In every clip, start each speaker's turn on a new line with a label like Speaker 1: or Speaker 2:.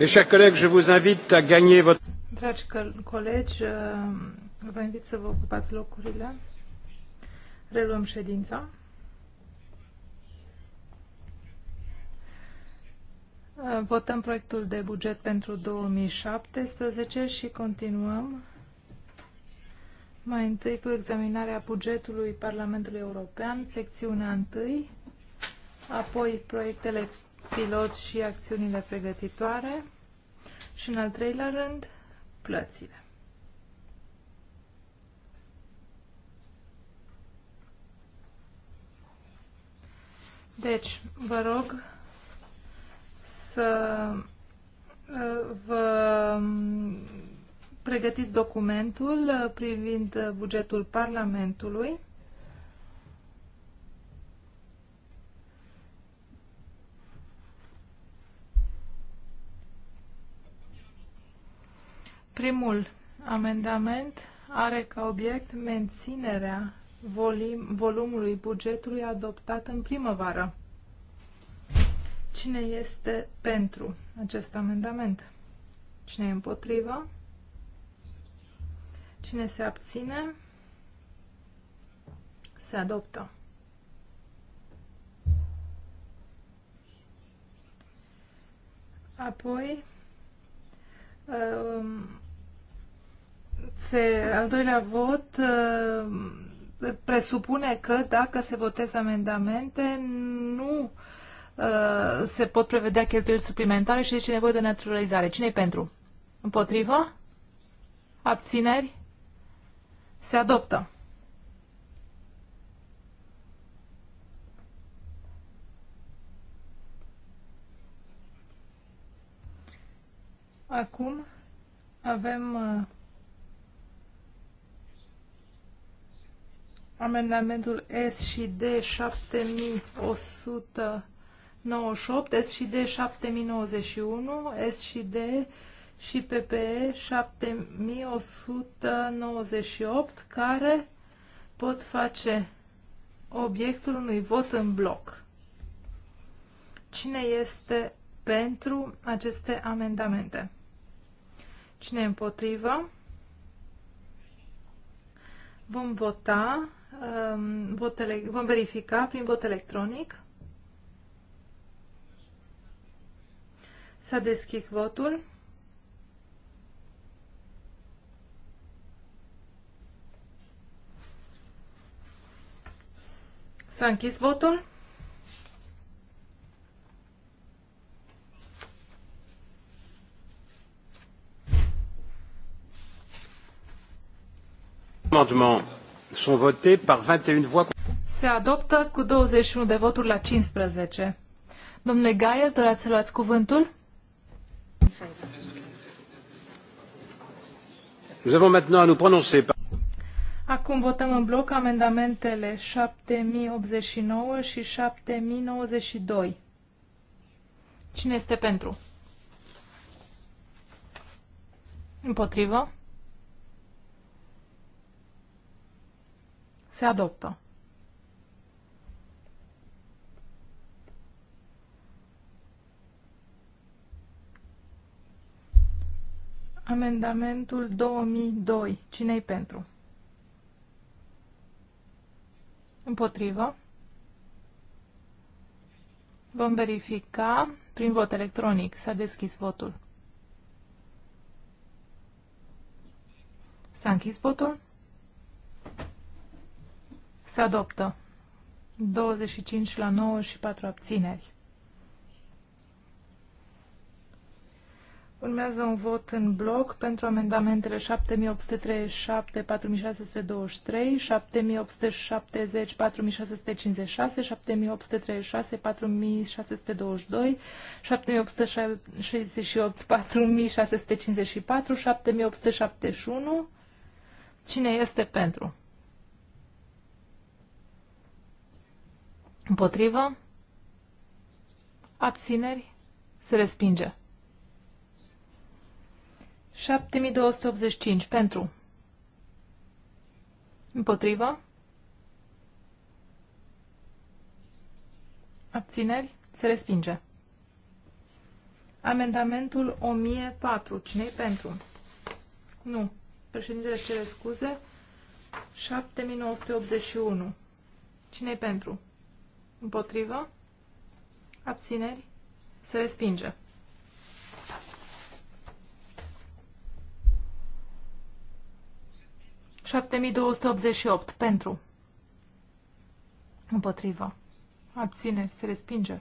Speaker 1: Mes chers collègues, je vous invite à gagner votre...
Speaker 2: Dragi colegi, uh, vă invit să vă ocupați locurile. Reluăm ședința. Uh, votăm proiectul de buget pentru 2017 și continuăm mai întâi cu examinarea bugetului Parlamentului European, secțiunea 1 apoi proiectele pilot și acțiunile pregătitoare și, în al treilea rând, plățile. Deci, vă rog să vă pregătiți documentul privind bugetul Parlamentului. Primul amendament are ca obiect menținerea volumului bugetului adoptat în primăvară. Cine este pentru acest amendament? Cine e împotrivă? Cine se abține? Se adoptă. Apoi, uh, um, se, al doilea vot uh, presupune că dacă se votează amendamente, nu uh, se pot prevedea cheltuieli suplimentare și deci e nevoie de naturalizare. cine pentru? Împotrivă? Abțineri? Se adoptă. Acum avem uh, Amendamentul S și D 7198, S și D 7091, S și D și PPE 7198, care pot face obiectul unui vot în bloc. Cine este pentru aceste amendamente? Cine e împotrivă? Vom vota Um, vot ele- vom verifica prin vot electronic. S-a deschis votul. S-a închis votul.
Speaker 1: Amendement sont votées par 21 voix.
Speaker 2: Se adoptă cu 21 de voturi la 15. Domnule Gaier, doreați să luați cuvântul?
Speaker 1: Nous avons maintenant à nous prononcer
Speaker 2: Acum votăm în bloc amendamentele 7089 și 7092. Cine este pentru? Împotrivă? Se adoptă. Amendamentul 2002. cine e pentru? Împotrivă. Vom verifica prin vot electronic. S-a deschis votul. S-a închis votul. Se adoptă. 25 la 9 și 4 abțineri. Urmează un vot în bloc pentru amendamentele 7837, 4623, 7870, 4656, 7836, 4622, 7868, 4654, 7871. Cine este pentru? Împotrivă? Abțineri? Se respinge. 7285 pentru. Împotrivă? Abțineri? Se respinge. Amendamentul 1004. cine pentru? Nu. Președintele cere scuze. 7981. cine pentru? Împotrivă. Abțineri. Se respinge. opt pentru. Împotrivă. Abține. Se respinge.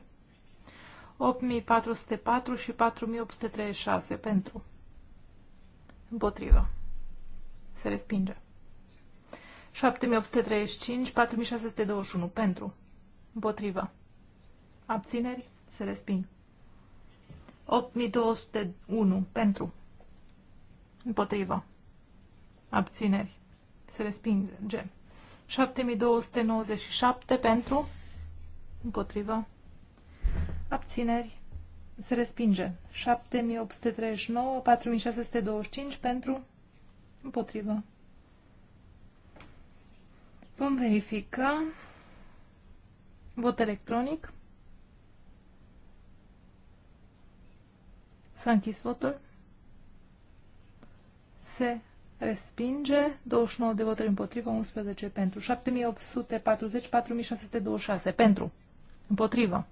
Speaker 2: 8404 și 4836 pentru. Împotrivă. Se respinge. 7835, 4621 pentru. Împotrivă. Abțineri. Se resping. 8201. Pentru. Împotrivă. Abțineri. Se respinge. 7297 pentru. Împotrivă. Abțineri. Se respinge. 7839, 4625 pentru. Împotrivă. Vom verifica. Vot electronic. S-a închis votul. Se respinge. 29 de voturi împotrivă, 11 pentru. 7840, 4626 pentru. Împotrivă.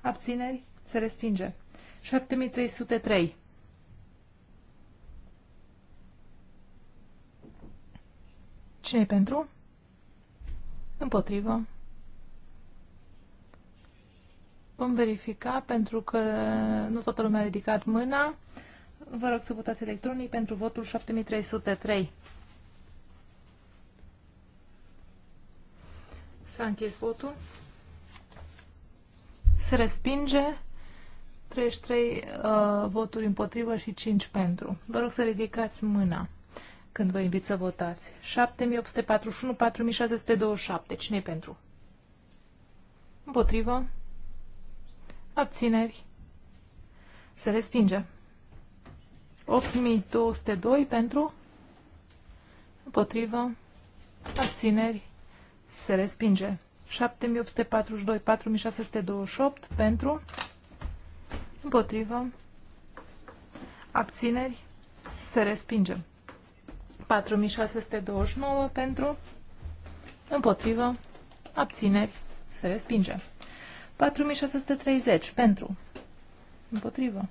Speaker 2: Abțineri. Se respinge. 7303. Cine e pentru? Împotrivă. Vom verifica pentru că nu toată lumea a ridicat mâna. Vă rog să votați electronic pentru votul 7303. S-a închis votul. Se respinge 33 uh, voturi împotrivă și 5 pentru. Vă rog să ridicați mâna când vă invit să votați. 7841, 4627. cine pentru? Împotrivă? Abțineri. Se respinge. 8202 pentru. Împotrivă. Abțineri. Se respinge. 7842, 4628 pentru. Împotrivă. Abțineri. Se respinge. 4629 pentru. Împotrivă. Abțineri. Se respinge. 4630 pentru. Împotrivă.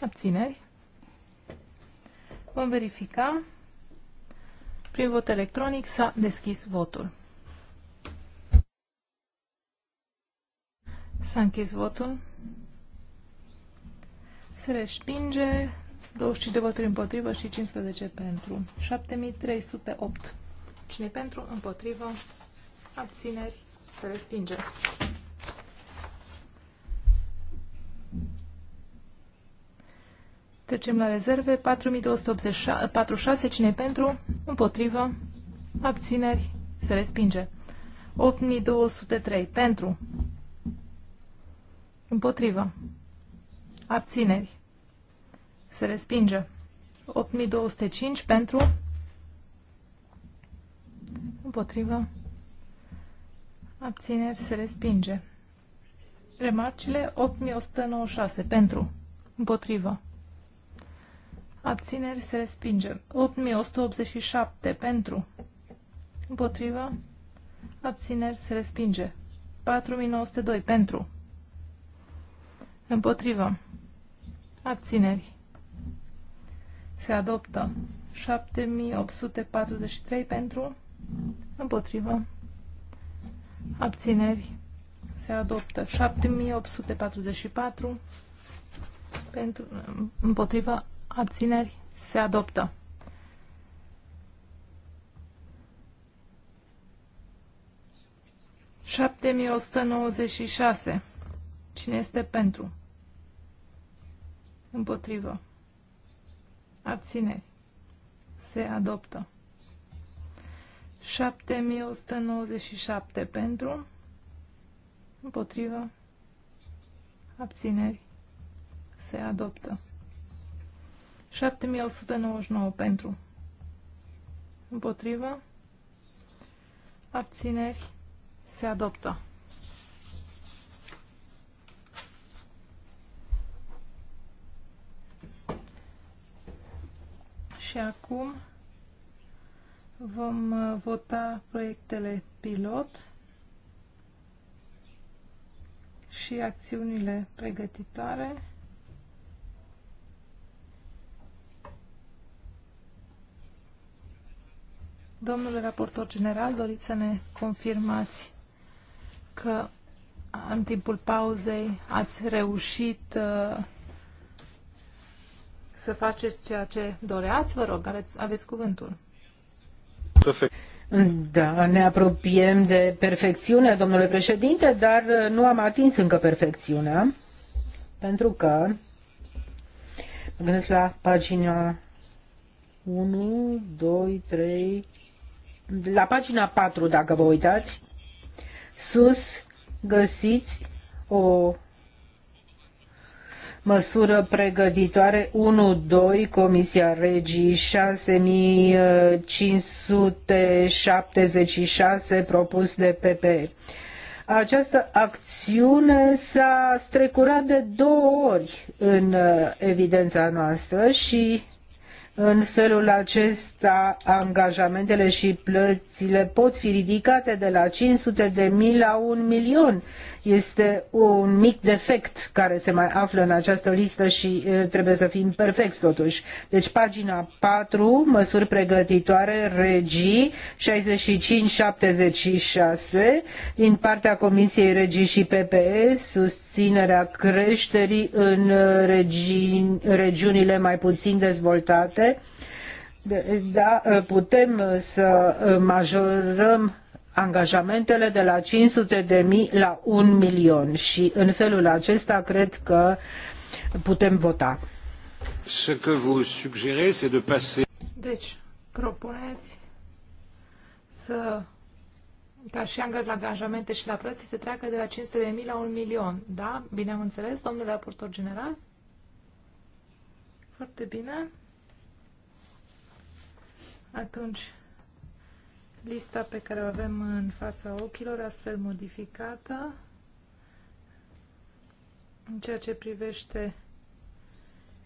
Speaker 2: Abțineri. Vom verifica. Prin vot electronic s-a deschis votul. S-a închis votul. Se respinge 25 de voturi împotrivă și 15 pentru. 7308. Cine pentru? Împotrivă. Abțineri. Se respinge. Trecem la rezerve. 4246. Cine pentru? Împotrivă. Abțineri. Se respinge. 8203. Pentru. Împotrivă. Abțineri. Se respinge. 8205 pentru. Împotrivă. Abțineri se respinge. Remarcile 8196 pentru. Împotrivă. Abțineri se respinge. 8187 pentru. Împotrivă. Abțineri se respinge. 4902 pentru. Împotrivă. Abțineri. Se adoptă. 7843 pentru. Împotrivă abțineri, se adoptă 7844 pentru, împotriva abțineri se adoptă. Șapte mii o sută nouăzeci și șase. Cine este pentru? Împotrivă. Abțineri. Se adoptă. 7197 pentru, împotrivă, abțineri, se adoptă. 7199 pentru, împotrivă, abțineri, se adoptă. Și acum Vom uh, vota proiectele pilot și acțiunile pregătitoare. Domnule raportor general, doriți să ne confirmați că în timpul pauzei ați reușit uh, să faceți ceea ce doreați? Vă rog, aveți, aveți cuvântul.
Speaker 1: Da, ne apropiem de perfecțiune, domnule președinte, dar uh, nu am atins încă perfecțiunea, pentru că mă gândesc la pagina 1, 2, 3, la pagina 4, dacă vă uitați, sus găsiți o măsură pregătitoare 1-2, Comisia Regii 6576 propus de PP. Această acțiune s-a strecurat de două ori în uh, evidența noastră și în felul acesta, angajamentele și plățile pot fi ridicate de la 500 de mii la un milion, este un mic defect care se mai află în această listă și trebuie să fim perfecți totuși. Deci pagina 4, măsuri pregătitoare, regii 65-76 din partea Comisiei Regii și PPE, susținerea creșterii în regi, regiunile mai puțin dezvoltate. Da, putem să majorăm angajamentele de la 500 de mii la 1 milion și în felul acesta cred că putem vota.
Speaker 2: Ce que vous suggérez, c'est de passer... Deci, propuneți să ca și la angajamente și la preț se treacă de la 500.000 la 1 milion. Da? Bine am înțeles, domnule raportor general? Foarte bine. Atunci lista pe care o avem în fața ochilor, astfel modificată, în ceea ce privește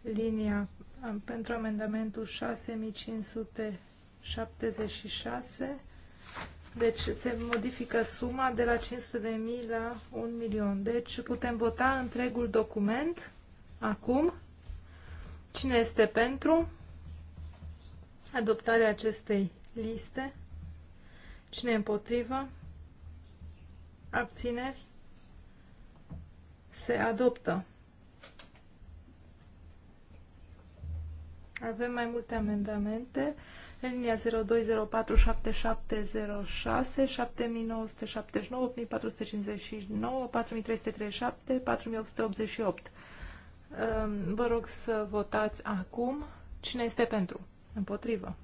Speaker 2: linia pentru amendamentul 6576, deci se modifică suma de la 500.000 la 1 milion. Deci putem vota întregul document acum. Cine este pentru adoptarea acestei liste? Cine e împotrivă? Abțineri? Se adoptă. Avem mai multe amendamente. În linia 02047706, 7979, 8459, 4337, 4888. Vă rog să votați acum. Cine este pentru? Împotrivă.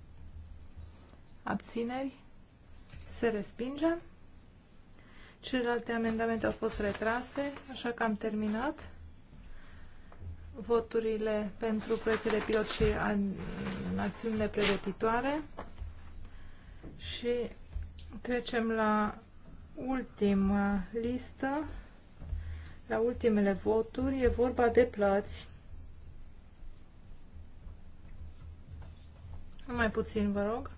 Speaker 2: Abțineri? se respinge. Celelalte amendamente au fost retrase, așa că am terminat voturile pentru proiectele pilot și acțiunile pregătitoare și trecem la ultima listă, la ultimele voturi. E vorba de plăți. Mai puțin, vă rog.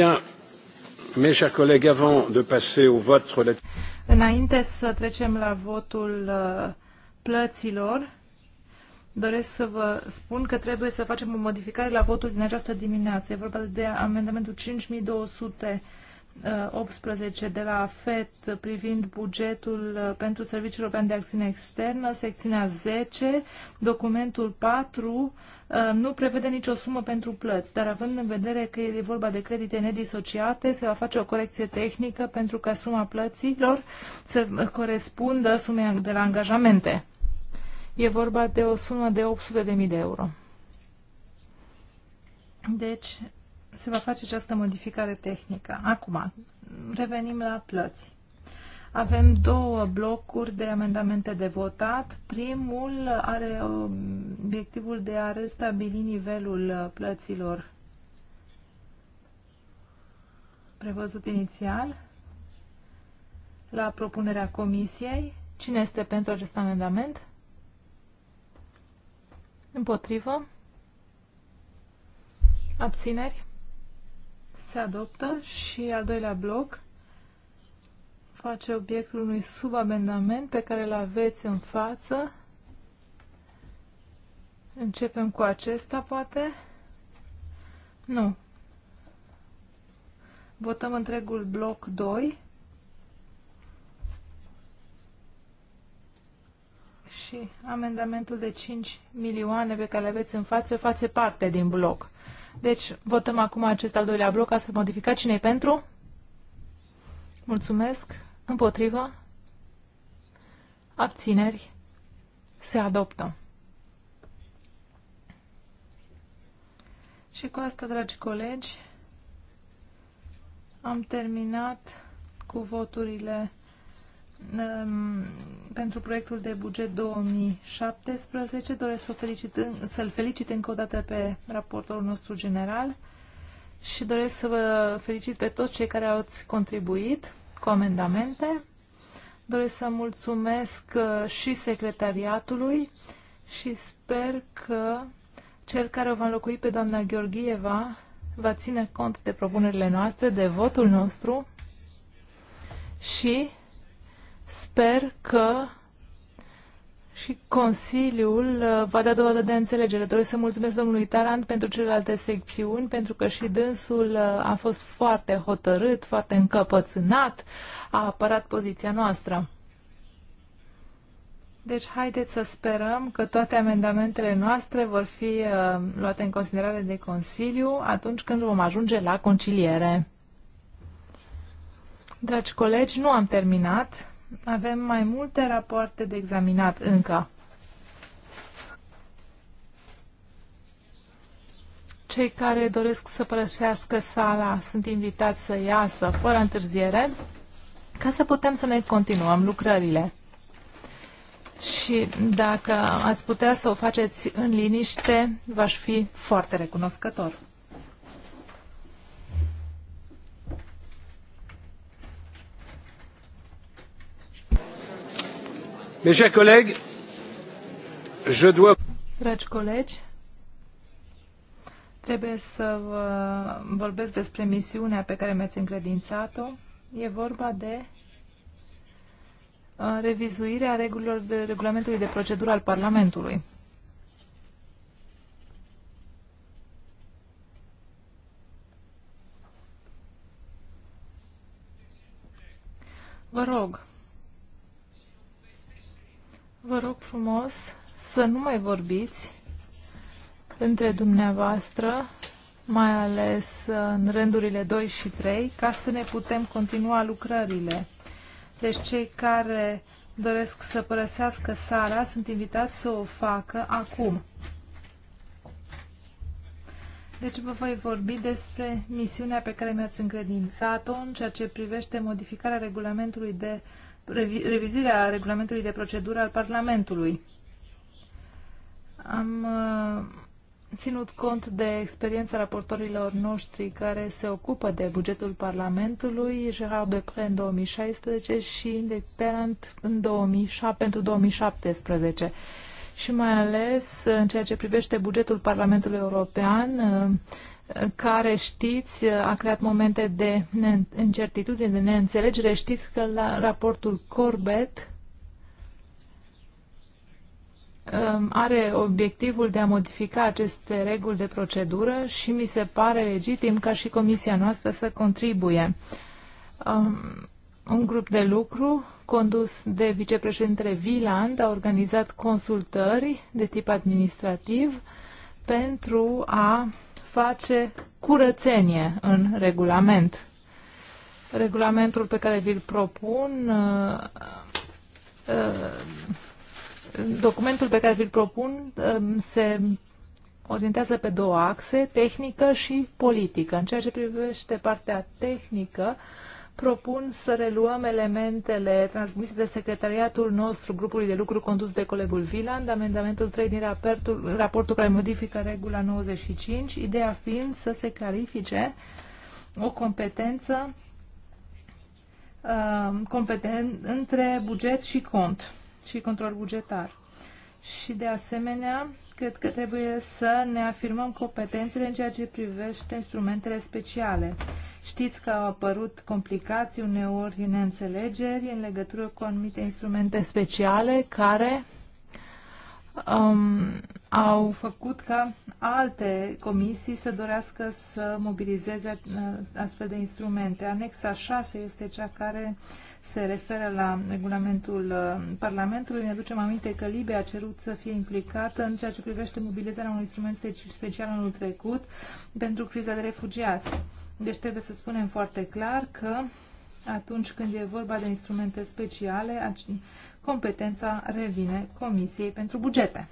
Speaker 1: Bien, mes chers collègues,
Speaker 2: avant de passer au vote Înainte să trecem la votul uh, plăților, doresc să vă spun că trebuie să facem o modificare la votul din această dimineață. E vorba de amendamentul 5200 18 de la FET privind bugetul uh, pentru Serviciul European de Acțiune Externă, secțiunea 10, documentul 4, uh, nu prevede nicio sumă pentru plăți, dar având în vedere că e vorba de credite nedisociate, se va face o corecție tehnică pentru ca suma plăților să corespundă sumei de la angajamente. E vorba de o sumă de 800.000 de euro. Deci, se va face această modificare tehnică. Acum, revenim la plăți. Avem două blocuri de amendamente de votat. Primul are um, obiectivul de a restabili nivelul uh, plăților prevăzut inițial la propunerea comisiei. Cine este pentru acest amendament? Împotrivă? Abțineri? se adoptă și al doilea bloc face obiectul unui subamendament pe care îl aveți în față. Începem cu acesta, poate? Nu. Votăm întregul bloc 2. Și amendamentul de 5 milioane pe care le aveți în față face parte din bloc. Deci, votăm acum acest al doilea bloc, astfel modificat. cine e pentru? Mulțumesc. Împotrivă? Abțineri? Se adoptă. Și cu asta, dragi colegi, am terminat cu voturile pentru proiectul de buget 2017. Doresc să felicit, să-l felicit încă o dată pe raportorul nostru general și doresc să vă felicit pe toți cei care au contribuit cu amendamente. Doresc să mulțumesc uh, și secretariatului și sper că cel care o va înlocui pe doamna Gheorgheva va ține cont de propunerile noastre, de votul nostru și Sper că și Consiliul uh, va da dovadă de înțelegere. Doresc să mulțumesc domnului Tarant pentru celelalte secțiuni, pentru că și dânsul uh, a fost foarte hotărât, foarte încăpățânat, a apărat poziția noastră. Deci haideți să sperăm că toate amendamentele noastre vor fi uh, luate în considerare de Consiliu atunci când vom ajunge la conciliere. Dragi colegi, nu am terminat. Avem mai multe rapoarte de examinat încă. Cei care doresc să părăsească sala sunt invitați să iasă fără întârziere ca să putem să ne continuăm lucrările. Și dacă ați putea să o faceți în liniște, v-aș fi foarte
Speaker 1: recunoscător. Dragi colegi,
Speaker 2: trebuie să vă vorbesc despre misiunea pe care mi-ați încredințat-o. E vorba de uh, revizuirea regulilor de regulamentului de procedură al Parlamentului. Vă rog, Vă rog frumos să nu mai vorbiți între dumneavoastră, mai ales în rândurile 2 și 3, ca să ne putem continua lucrările. Deci cei care doresc să părăsească sala sunt invitați să o facă acum. Deci vă voi vorbi despre misiunea pe care mi-ați încredințat-o în ceea ce privește modificarea regulamentului de revizirea regulamentului de procedură al Parlamentului. Am uh, ținut cont de experiența raportorilor noștri care se ocupă de bugetul Parlamentului, Gerard Depre în 2016 și de Perant în 2007, pentru 2017 și mai ales în ceea ce privește bugetul Parlamentului European uh, care știți a creat momente de incertitudine, de neînțelegere. Știți că la raportul Corbett um, are obiectivul de a modifica aceste reguli de procedură și mi se pare legitim ca și comisia noastră să contribuie. Um, un grup de lucru condus de vicepreședintele Viland a organizat consultări de tip administrativ pentru a face curățenie în regulament. Regulamentul pe care vi-l propun, uh, uh, documentul pe care vi-l propun um, se orientează pe două axe, tehnică și politică. În ceea ce privește partea tehnică, propun să reluăm elementele transmise de secretariatul nostru grupului de lucru condus de colegul Viland, amendamentul 3 din raportul, raportul care modifică regula 95, ideea fiind să se clarifice o competență uh, um, competen între buget și cont și control bugetar. Și de asemenea, cred că trebuie să ne afirmăm competențele în ceea ce privește instrumentele speciale. Știți că au apărut complicații, uneori neînțelegeri în legătură cu anumite instrumente speciale care um, au făcut ca alte comisii să dorească să mobilizeze uh, astfel de instrumente. Anexa 6 este cea care se referă la regulamentul uh, Parlamentului. Ne aducem aminte că Libia a cerut să fie implicată în ceea ce privește mobilizarea unui instrument special anul trecut pentru criza de refugiați. Deci trebuie să spunem foarte clar că atunci când e vorba de instrumente speciale, competența revine Comisiei pentru bugete.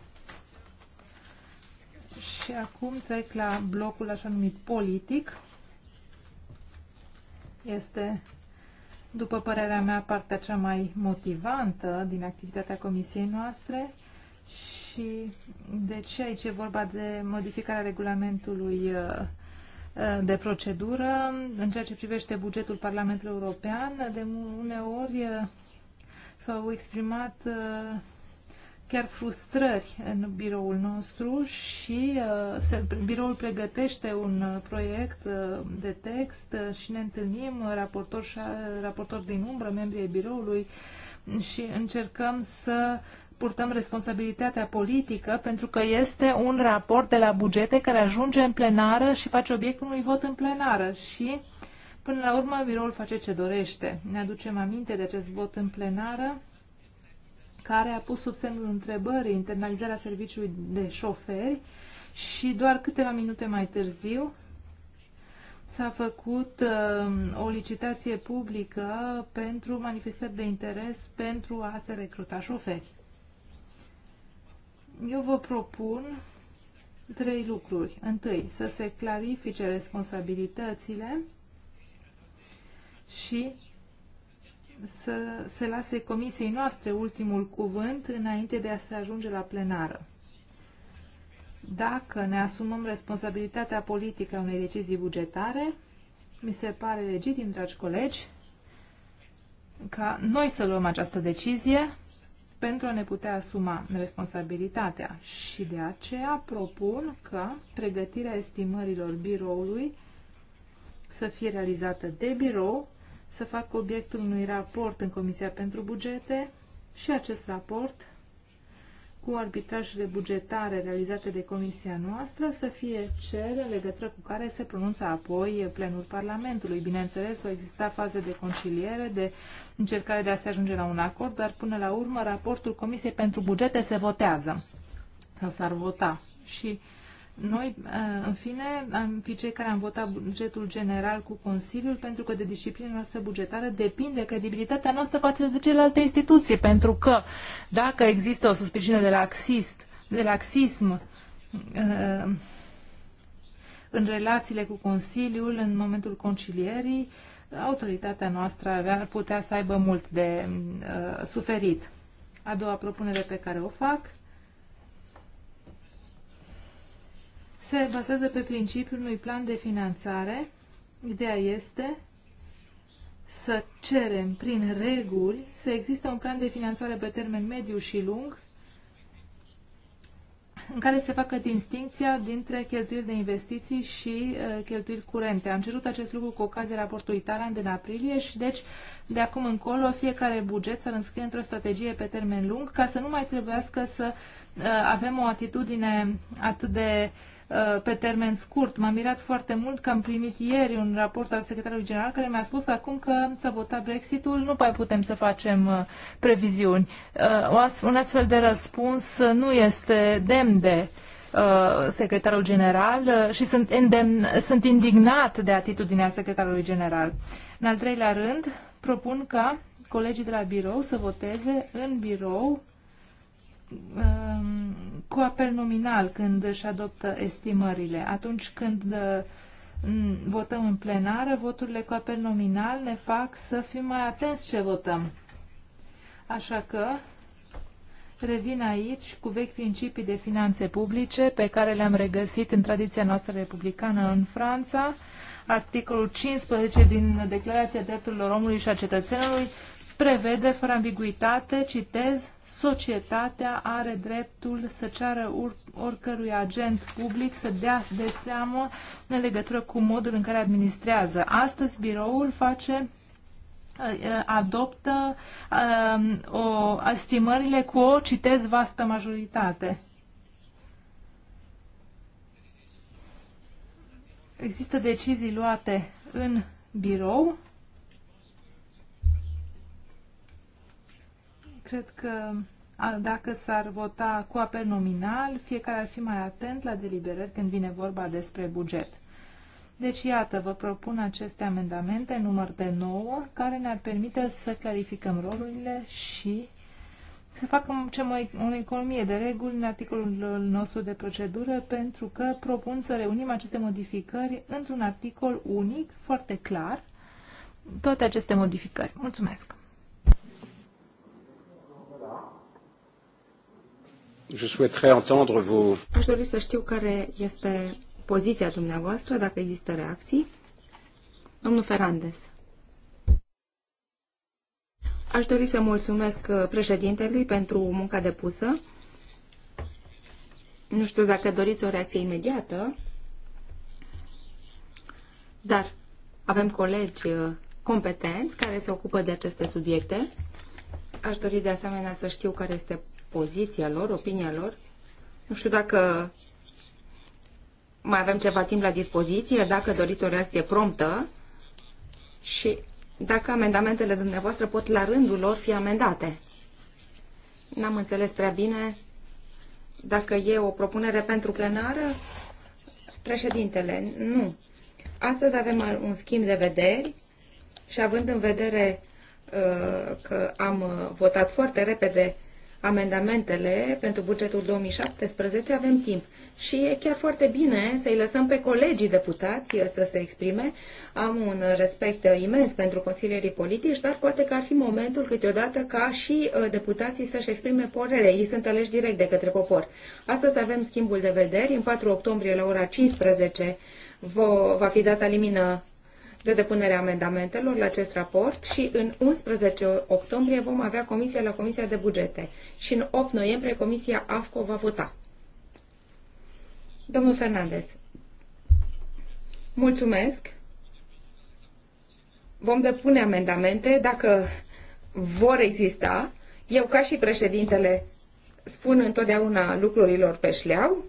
Speaker 2: Și acum trec la blocul așa numit politic. Este, după părerea mea, partea cea mai motivantă din activitatea comisiei noastre și deci aici e vorba de modificarea regulamentului uh, de procedură în ceea ce privește bugetul Parlamentului European. De uneori eh, s-au exprimat eh, chiar frustrări în biroul nostru și eh, biroul pregătește un proiect de text și ne întâlnim raportor, și, raportor din umbră, membrii biroului și încercăm să purtăm responsabilitatea politică pentru că este un raport de la bugete care ajunge în plenară și face obiectul unui vot în plenară și până la urmă biroul face ce dorește. Ne aducem aminte de acest vot în plenară care a pus sub semnul întrebării internalizarea serviciului de șoferi și doar câteva minute mai târziu s-a făcut uh, o licitație publică pentru manifestări de interes pentru a se recruta șoferi. Eu vă propun trei lucruri. Întâi, să se clarifice responsabilitățile și să se lase comisiei noastre ultimul cuvânt înainte de a se ajunge la plenară. Dacă ne asumăm responsabilitatea politică a unei decizii bugetare, mi se pare legitim, dragi colegi, ca noi să luăm această decizie pentru a ne putea asuma responsabilitatea și de aceea propun că pregătirea estimărilor biroului să fie realizată de birou, să facă obiectul unui raport în Comisia pentru Bugete și acest raport cu arbitrajele bugetare realizate de comisia noastră să fie cele legătură cu care se pronunță apoi plenul Parlamentului. Bineînțeles, va exista faze de conciliere, de încercare de a se ajunge la un acord, dar până la urmă raportul Comisiei pentru Bugete se votează. S-ar vota și uh, noi, uh, în fine, am fi cei care am votat bugetul general cu Consiliul, pentru că de disciplina noastră bugetară depinde credibilitatea noastră față de celelalte instituții, pentru că dacă există o suspiciune de laxist, de laxism uh, în relațiile cu Consiliul, în momentul concilierii, autoritatea noastră ar putea să aibă mult de uh, suferit. A doua propunere pe care o fac se bazează pe principiul unui plan de finanțare. Ideea este să cerem prin reguli să există un plan de finanțare pe termen mediu și lung în care se facă distinția dintre cheltuieli de investiții și uh, cheltuieli curente. Am cerut acest lucru cu ocazia raportului Taran din aprilie și deci de acum încolo fiecare buget să înscrie într-o strategie pe termen lung ca să nu mai trebuiască să uh, avem o atitudine atât de uh, Uh, pe termen scurt. M-am mirat foarte mult că am primit ieri un raport al secretarului general care mi-a spus că acum că s-a votat Brexitul nu mai putem să facem uh, previziuni. Uh, un astfel de răspuns nu este demn de secretarul general și sunt, îndemn, sunt indignat de atitudinea secretarului general. În al treilea rând, propun ca colegii de la birou să voteze în birou um, cu apel nominal când își adoptă estimările. Atunci când uh, votăm în plenară, voturile cu apel nominal ne fac să fim mai atenți ce votăm. Așa că revin aici cu vechi principii de finanțe publice pe care le-am regăsit în tradiția noastră republicană în Franța, articolul 15 din Declarația Drepturilor Omului și a Cetățenului prevede fără ambiguitate, citez, societatea are dreptul să ceară oricărui agent public să dea de seamă în legătură cu modul în care administrează. Astăzi biroul face uh, uh, adoptă um, o, estimările cu o, citez, vastă majoritate. Există decizii luate în birou Cred că dacă s-ar vota cu apel nominal, fiecare ar fi mai atent la deliberări când vine vorba despre buget. Deci, iată, vă propun aceste amendamente, număr de 9, care ne-ar permite să clarificăm rolurile și să facem ce mai, o economie de reguli în articolul nostru de procedură, pentru că propun să reunim aceste modificări într-un articol unic, foarte clar, toate aceste modificări.
Speaker 3: Mulțumesc!
Speaker 1: Je souhaiterais entendre vos...
Speaker 3: Aș dori să știu care este poziția dumneavoastră, dacă există reacții. Domnul Ferandez. Aș dori să mulțumesc uh, președintelui pentru munca depusă. Nu știu dacă doriți o reacție imediată, dar avem colegi uh, competenți care se ocupă de aceste subiecte. Aș dori de asemenea să știu care este poziția lor, opinia lor. Nu știu dacă mai avem ceva timp la dispoziție, dacă doriți o reacție promptă și dacă amendamentele dumneavoastră pot la rândul lor fi amendate. N-am înțeles prea bine dacă e o propunere pentru plenară. Președintele, nu. Astăzi avem un schimb de vederi și având în vedere uh, că am uh, votat foarte repede amendamentele pentru bugetul 2017, avem timp. Și e chiar foarte bine să-i lăsăm pe colegii deputați să se exprime. Am un respect imens pentru consilierii politici, dar poate că ar fi momentul câteodată ca și uh, deputații să-și exprime părere. Ei sunt aleși direct de către popor. Astăzi avem schimbul de vederi. În 4 octombrie la ora 15 va fi data limină de depunere a amendamentelor la acest raport și în 11 octombrie vom avea comisia la Comisia de Bugete și în 8 noiembrie Comisia AFCO va vota. Domnul Fernandez, mulțumesc. Vom depune amendamente dacă vor exista. Eu, ca și președintele, spun întotdeauna lucrurilor pe șleau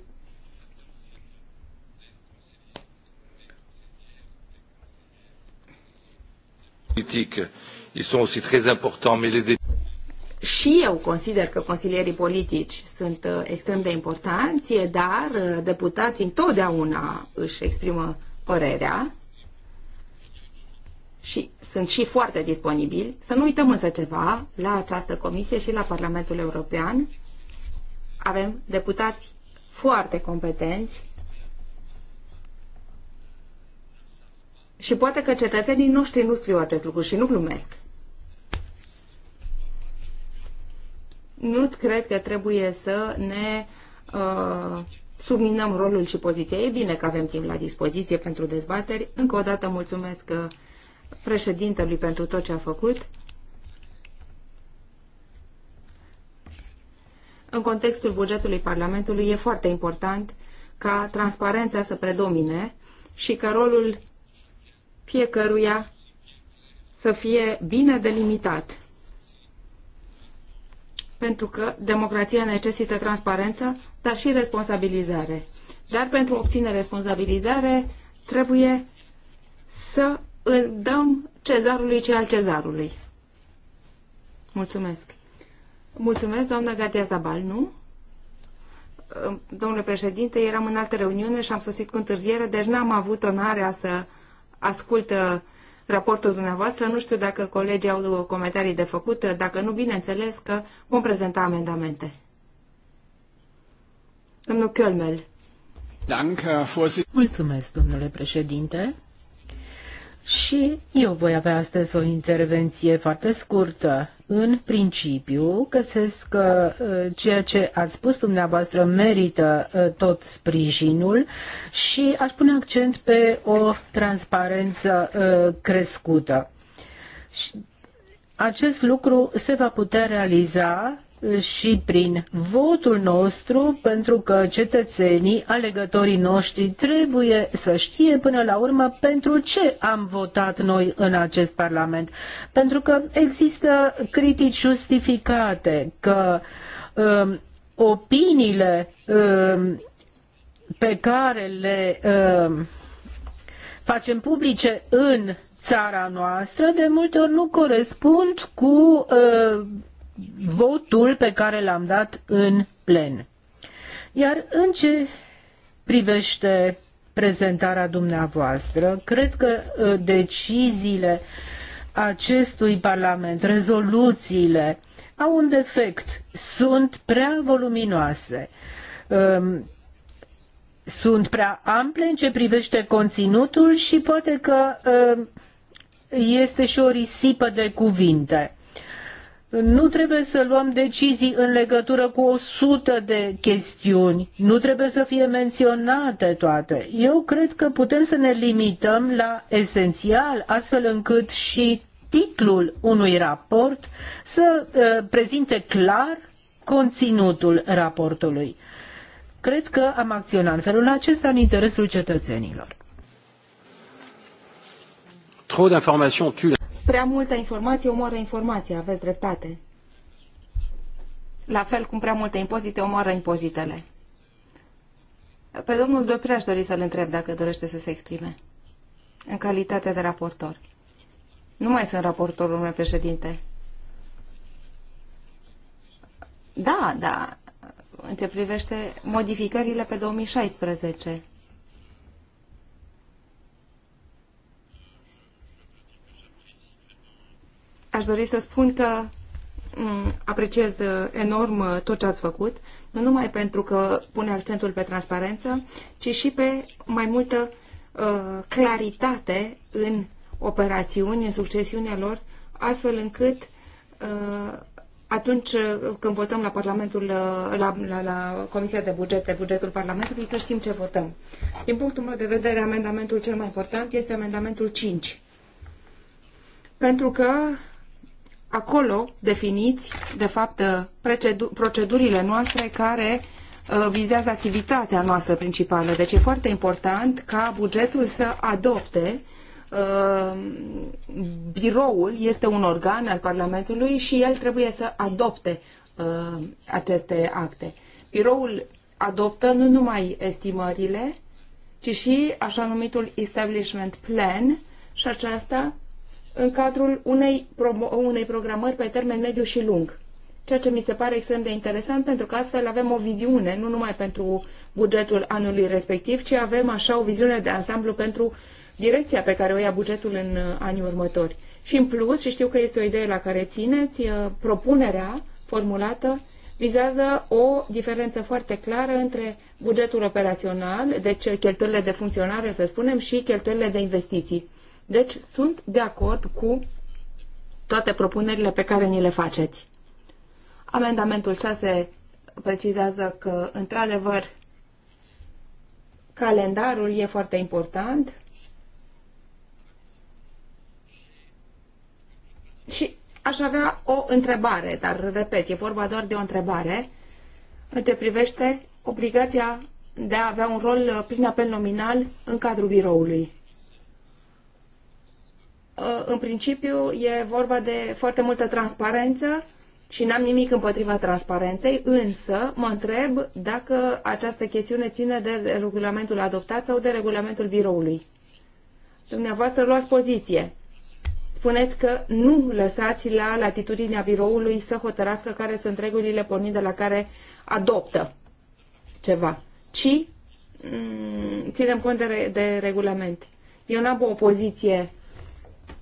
Speaker 3: très mais les și eu consider că consilierii politici sunt uh, extrem de importanți, dar uh, deputații întotdeauna își exprimă părerea și sunt și foarte disponibili. Să nu uităm însă ceva, la această comisie și la Parlamentul European avem deputați foarte competenți Și poate că cetățenii noștri nu scriu acest lucru și nu glumesc. Nu cred că trebuie să ne uh, subminăm rolul și poziția. E bine că avem timp la dispoziție pentru dezbateri. Încă o dată mulțumesc uh, președintelui pentru tot ce a făcut. În contextul bugetului Parlamentului e foarte important ca transparența să predomine și că rolul fiecăruia să fie bine delimitat. Pentru că democrația necesită transparență, dar și responsabilizare. Dar pentru a obține responsabilizare trebuie să dăm cezarului ce al cezarului. Mulțumesc. Mulțumesc, doamnă Gatia Zabal, nu? Domnule președinte, eram în altă reuniune și am sosit cu întârziere, deci n-am avut onarea să ascultă raportul dumneavoastră. Nu știu dacă colegii au comentarii de făcut. Dacă nu, bineînțeles că vom prezenta amendamente. Domnul Kölmel.
Speaker 1: Mulțumesc, domnule președinte. Și eu voi avea astăzi o intervenție foarte scurtă. În principiu, găsesc că uh, ceea ce ați spus dumneavoastră merită uh, tot sprijinul și aș pune accent pe o transparență uh, crescută. Acest lucru se va putea realiza și prin votul nostru, pentru că cetățenii, alegătorii noștri, trebuie să știe până la urmă pentru ce am votat noi în acest Parlament. Pentru că există critici justificate că um, opiniile um, pe care le um, facem publice în țara noastră de multe ori nu corespund cu uh, votul pe care l-am dat în plen. Iar în ce privește prezentarea dumneavoastră, cred că uh, deciziile acestui Parlament, rezoluțiile, au un defect. Sunt prea voluminoase. Um, sunt prea ample în ce privește conținutul și poate că um, este și o risipă de cuvinte. Nu trebuie să luăm decizii în legătură cu o sută de chestiuni. Nu trebuie să fie menționate toate. Eu cred că putem să ne limităm la esențial, astfel încât și titlul unui raport să uh, prezinte clar conținutul raportului. Cred că am acționat în felul acesta în interesul cetățenilor. Trop d'informations tue
Speaker 3: Prea multă informație omoară informația, aveți dreptate. La fel cum prea multe impozite omoară impozitele. Pe domnul Dupre aș dori să-l întreb dacă dorește să se exprime. În calitate de raportor. Nu mai sunt raportor, domnule președinte. Da, da. În ce privește modificările pe 2016. Aș dori să spun că mm, apreciez uh, enorm uh, tot ce ați făcut, nu numai pentru că pune accentul pe transparență, ci și pe mai multă uh, claritate în operațiuni, în succesiunea lor, astfel încât uh, atunci uh, când votăm la Parlamentul, la, la, la Comisia de Bugete, bugetul Parlamentului, să știm ce votăm. Din punctul meu de vedere, amendamentul cel mai important este amendamentul 5. Pentru că acolo definiți, de fapt, procedurile noastre care uh, vizează activitatea noastră principală. Deci e foarte important ca bugetul să adopte uh, biroul este un organ al Parlamentului și el trebuie să adopte uh, aceste acte. Biroul adoptă nu numai estimările, ci și așa numitul establishment plan și aceasta în cadrul unei, unei programări pe termen mediu și lung. Ceea ce mi se pare extrem de interesant, pentru că astfel avem o viziune, nu numai pentru bugetul anului respectiv, ci avem așa o viziune de ansamblu pentru direcția pe care o ia bugetul în uh, anii următori. Și în plus, și știu că este o idee la care țineți, uh, propunerea formulată vizează o diferență foarte clară între bugetul operațional, deci cheltuielile de funcționare, să spunem, și cheltuielile de investiții. Deci sunt de acord cu toate propunerile pe care ni le faceți. Amendamentul 6 precizează că, într-adevăr, calendarul e foarte important și aș avea o întrebare, dar, repet, e vorba doar de o întrebare în ce privește obligația de a avea un rol prin apel nominal în cadrul biroului în principiu, e vorba de foarte multă transparență și n-am nimic împotriva transparenței, însă mă întreb dacă această chestiune ține de regulamentul adoptat sau de regulamentul biroului. Dumneavoastră luați poziție. Spuneți că nu lăsați la latitudinea biroului să hotărască care sunt regulile pornind de la care adoptă ceva, ci mm, ținem cont de, de regulament. Eu n-am o poziție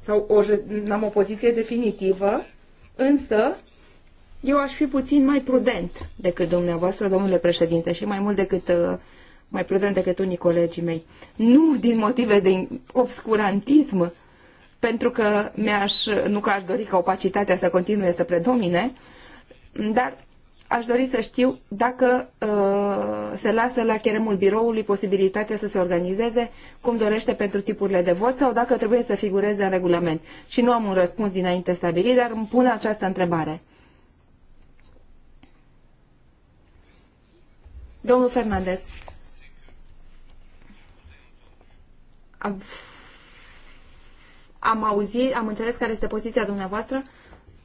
Speaker 3: sau o, n-am o poziție definitivă, însă eu aș fi puțin mai prudent decât dumneavoastră, domnule președinte, și mai mult decât uh, mai prudent decât unii colegii mei. Nu din motive de obscurantism, pentru că mi-aș, nu că aș dori ca opacitatea să continue să predomine, dar aș dori să știu dacă uh, se lasă la cheremul biroului posibilitatea să se organizeze cum dorește pentru tipurile de vot sau dacă trebuie să figureze în regulament. Și nu am un răspuns dinainte stabilit, dar îmi pun această întrebare. Domnul Fernandez. Am, am auzit, am înțeles care este poziția dumneavoastră.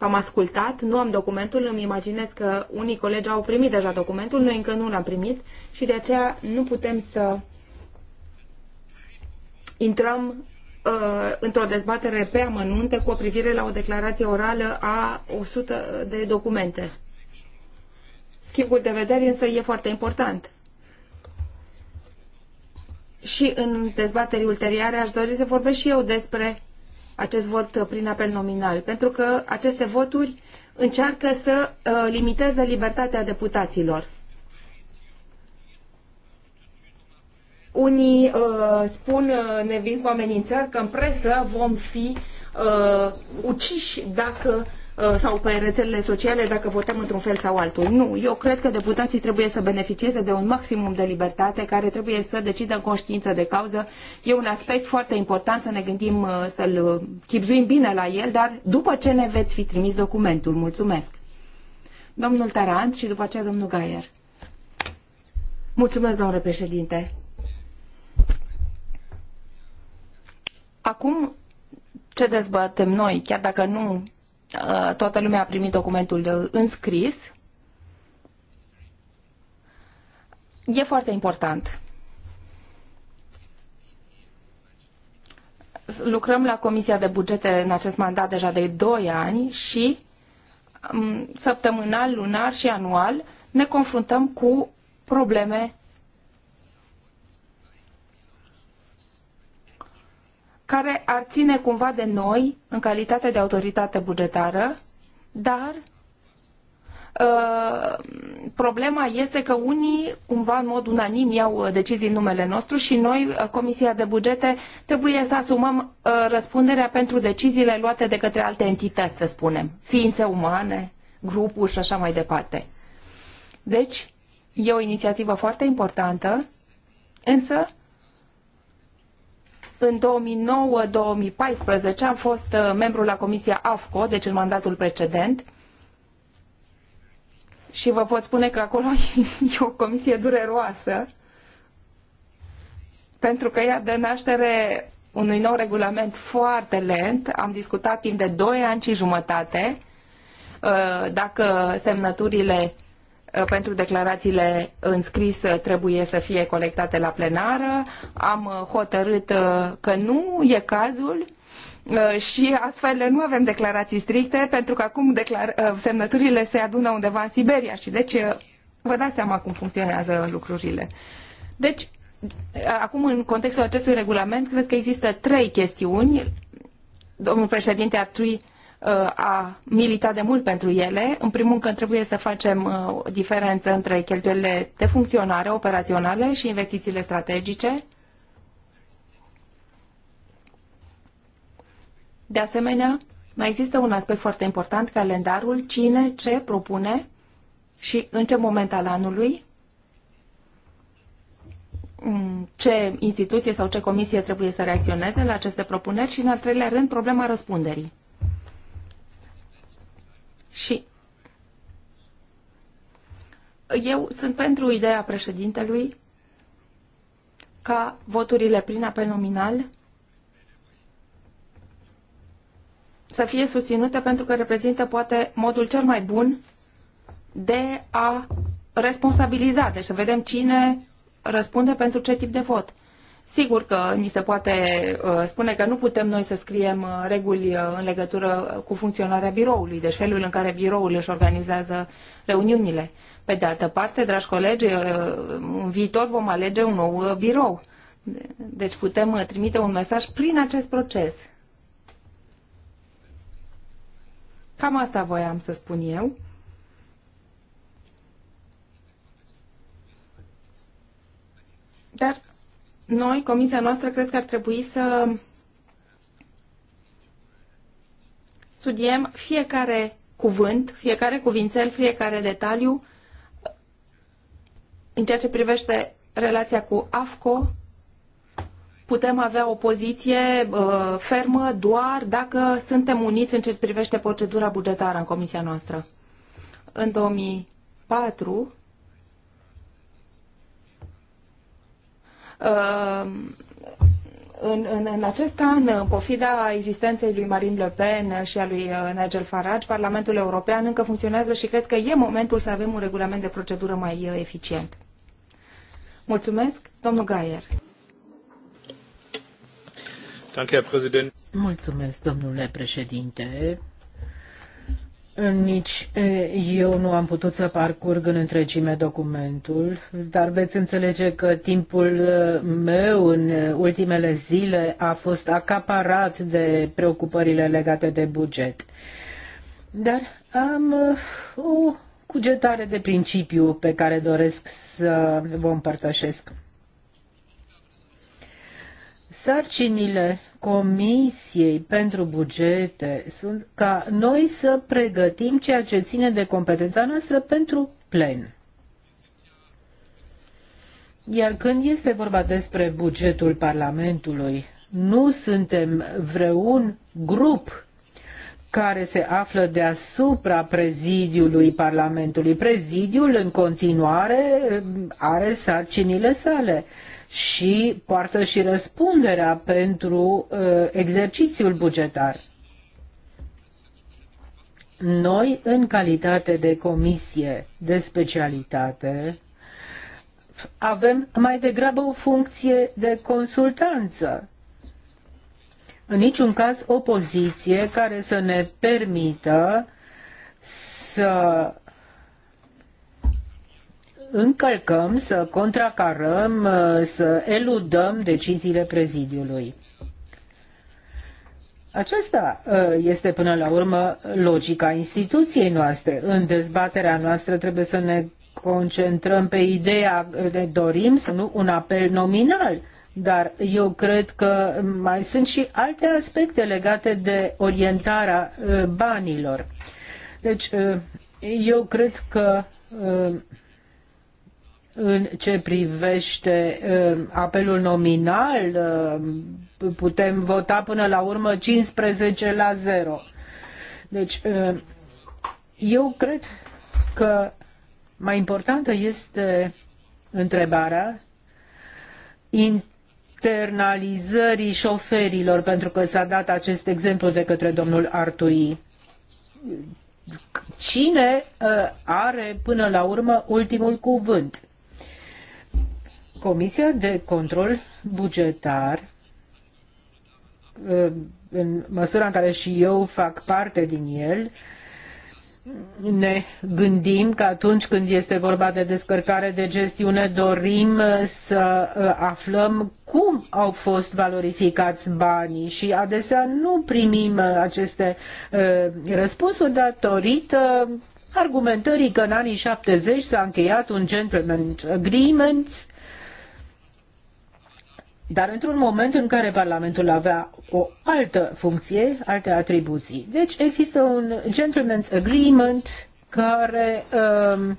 Speaker 3: V-am ascultat, nu am documentul, îmi imaginez că unii colegi au primit deja documentul, noi încă nu l-am primit și de aceea nu putem să intrăm uh, într-o dezbatere pe amănunte cu o privire la o declarație orală a 100 de documente. Schimbul de vedere însă e foarte important. Și în dezbateri ulterioare aș dori să vorbesc și eu despre acest vot prin apel nominal, pentru că aceste voturi încearcă să uh, limiteze libertatea deputaților. Unii uh, spun, uh, ne vin cu amenințări că în presă vom fi uh, uciși dacă Uh, sau pe rețelele sociale dacă votăm într-un fel sau altul. Nu, eu cred că deputații trebuie să beneficieze de un maximum de libertate care trebuie să decidă în conștiință de cauză. E un aspect foarte important să ne gândim uh, să-l uh, chipzuim bine la el, dar după ce ne veți fi trimis documentul. Mulțumesc! Domnul Tarant și după aceea domnul Gaier. Mulțumesc, domnule președinte! Acum ce dezbatem noi, chiar dacă nu Uh, toată lumea a primit documentul de înscris. E foarte important. Lucrăm la Comisia de Bugete în acest mandat deja de 2 ani și um, săptămânal, lunar și anual ne confruntăm cu probleme care ar ține cumva de noi în calitate de autoritate bugetară, dar uh, problema este că unii, cumva în mod unanim, iau uh, decizii în numele nostru și noi, uh, Comisia de Bugete, trebuie să asumăm uh, răspunderea pentru deciziile luate de către alte entități, să spunem, ființe umane, grupuri și așa mai departe. Deci, e o inițiativă foarte importantă, însă în 2009-2014 am fost uh, membru la Comisia AFCO, deci în mandatul precedent. Și vă pot spune că acolo e o comisie dureroasă, pentru că ea dă naștere unui nou regulament foarte lent. Am discutat timp de 2 ani și jumătate uh, dacă semnăturile Uh, pentru declarațiile înscris uh, trebuie să fie colectate la plenară. Am uh, hotărât că nu e cazul și astfel nu avem declarații stricte pentru că acum declar- semnăturile se adună undeva în Siberia și deci vă dați seama cum funcționează lucrurile. Deci, acum în contextul acestui regulament cred că există trei chestiuni. Domnul președinte ar trebui a militat de mult pentru ele. În primul rând că trebuie să facem uh, o diferență între cheltuielile de funcționare operaționale și investițiile strategice. De asemenea, mai există un aspect foarte important, calendarul, cine, ce propune și în ce moment al anului, mm, ce instituție sau ce comisie trebuie să reacționeze la aceste propuneri și, în al treilea rând, problema răspunderii. Și eu sunt pentru ideea președintelui ca voturile prin apel nominal să fie susținute pentru că reprezintă poate modul cel mai bun de a responsabiliza. Deci să vedem cine răspunde pentru ce tip de vot. Sigur că ni se poate uh, spune că nu putem noi să scriem uh, reguli uh, în legătură cu funcționarea biroului, deci felul în care biroul își organizează reuniunile. Pe de altă parte, dragi colegi, în viitor vom alege un nou birou. Deci putem trimite un mesaj prin acest proces. Cam asta voiam să spun eu. Dar noi, comisia noastră, cred că ar trebui să studiem fiecare cuvânt, fiecare cuvințel, fiecare detaliu în ceea ce privește relația cu AFCO, putem avea o poziție uh, fermă doar dacă suntem uniți în ce privește procedura bugetară în comisia noastră. În 2004, Uh, în, în, în acest an, în pofida existenței lui Marine Le Pen și a lui uh, Nigel Farage, Parlamentul European încă funcționează și cred că e momentul să avem un regulament de procedură mai uh, eficient. Mulțumesc, domnul Gaier.
Speaker 1: Mulțumesc, domnule președinte nici eu nu am putut să parcurg în întregime documentul, dar veți înțelege că timpul meu în ultimele zile a fost acaparat de preocupările legate de buget. Dar am o cugetare de principiu pe care doresc să vă împărtășesc. Sarcinile Comisiei pentru bugete sunt ca noi să pregătim ceea ce ține de competența noastră pentru plen. Iar când este vorba despre bugetul Parlamentului, nu suntem vreun grup care se află deasupra prezidiului Parlamentului. Prezidiul, în continuare, are sarcinile sale și poartă și răspunderea pentru uh, exercițiul bugetar. Noi, în calitate de comisie de specialitate, avem mai degrabă o funcție de consultanță. În niciun caz o poziție care să ne permită să încălcăm, să contracarăm, uh, să eludăm deciziile prezidiului. Aceasta uh, este până la urmă logica instituției noastre. În dezbaterea noastră trebuie să ne concentrăm pe ideea, uh, ne dorim să nu un apel nominal, dar eu cred că mai sunt și alte aspecte legate de orientarea banilor. Deci, eu cred că în ce privește um, apelul nominal, um, putem vota până la urmă 15 la 0. Deci, um, eu cred că mai importantă este întrebarea internalizării șoferilor, pentru că s-a dat acest exemplu de către domnul Artui. Cine uh, are până la urmă ultimul cuvânt? Comisia de control bugetar, uh, în măsura în care și eu fac parte din el, ne gândim că atunci când este vorba de descărcare de gestiune dorim uh, să uh, aflăm cum au fost valorificați banii și adesea nu primim aceste răspunsuri datorită argumentării că în anii 70 s-a încheiat un gentleman agreement dar într-un moment în care Parlamentul avea o altă funcție, alte atribuții. Deci există un gentleman's agreement care um,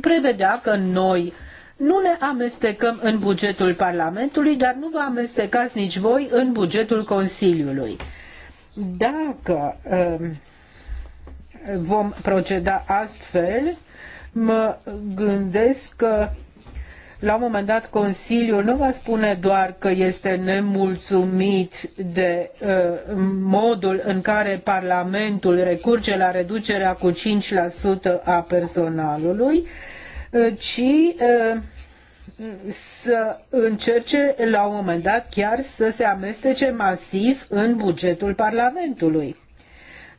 Speaker 1: prevedea că noi nu ne amestecăm în bugetul Parlamentului, dar nu vă amestecați nici voi în bugetul Consiliului. Dacă um, vom proceda astfel, mă gândesc că la un moment dat Consiliul nu va spune doar că este nemulțumit de uh, modul în care Parlamentul recurge la reducerea cu 5% a personalului, uh, ci uh, să încerce la un moment dat chiar să se amestece masiv în bugetul Parlamentului.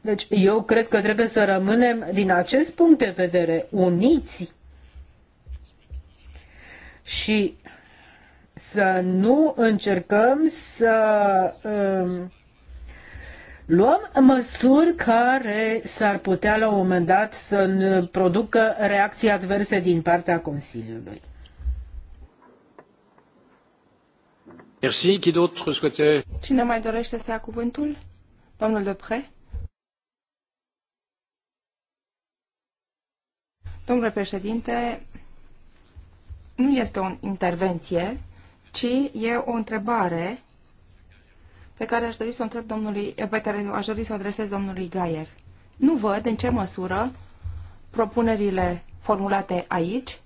Speaker 1: Deci eu cred că trebuie să rămânem din acest punct de vedere uniți și să nu încercăm să um, luăm măsuri care s-ar putea la un moment dat să producă reacții adverse din partea Consiliului.
Speaker 2: Merci. Qui d'autre souhaitait?
Speaker 3: Cine mai dorește să ia cuvântul? Domnul Depre? Domnule președinte, nu este o intervenție, ci e o întrebare pe care aș dori să o întreb domnului, pe care aș dori să o adresez domnului Gaier. Nu văd în ce măsură propunerile formulate aici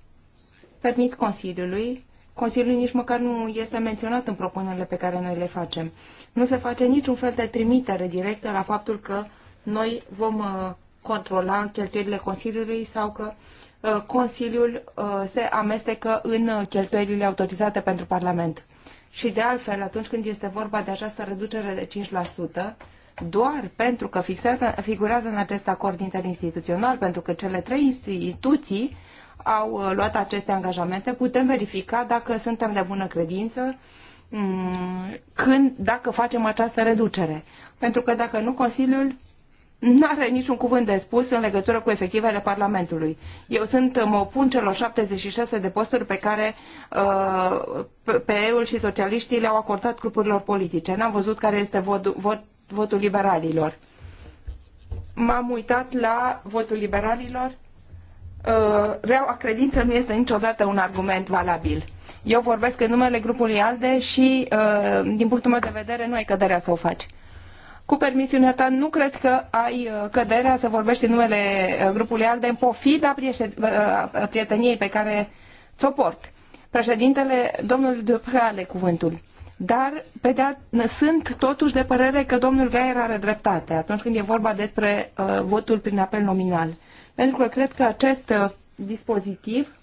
Speaker 3: permit Consiliului Consiliul nici măcar nu este menționat în propunerile pe care noi le facem. Nu se face niciun fel de trimitere directă la faptul că noi vom uh, controla cheltuielile Consiliului sau că Uh, Consiliul uh, se amestecă în uh, cheltuielile autorizate pentru Parlament. Și de altfel, atunci când este vorba de această reducere de 5%, doar pentru că fixează, figurează în acest acord interinstituțional, pentru că cele trei instituții au luat aceste angajamente, putem verifica dacă suntem de bună credință mm, când, dacă facem această reducere. Pentru că dacă nu, Consiliul nu are niciun cuvânt de spus în legătură cu efectivele Parlamentului. Eu sunt, mă opun celor 76 de posturi pe care uh, PE-ul și socialiștii le-au acordat grupurilor politice. N-am văzut care este vot, vot, votul liberalilor. M-am uitat la votul liberalilor. Uh, reaua credință nu este niciodată un argument valabil. Eu vorbesc în numele grupului ALDE și, uh, din punctul meu de vedere, nu ai căderea să o faci. Cu permisiunea ta, nu cred că ai uh, căderea să vorbești în numele uh, grupului ALDE în pofida uh, prieteniei pe care ți-o port. Președintele, domnul Dupre ale cuvântul. Dar pe de sunt totuși de părere că domnul Gaier are dreptate atunci când e vorba despre uh, votul prin apel nominal. Pentru că cred că acest uh, dispozitiv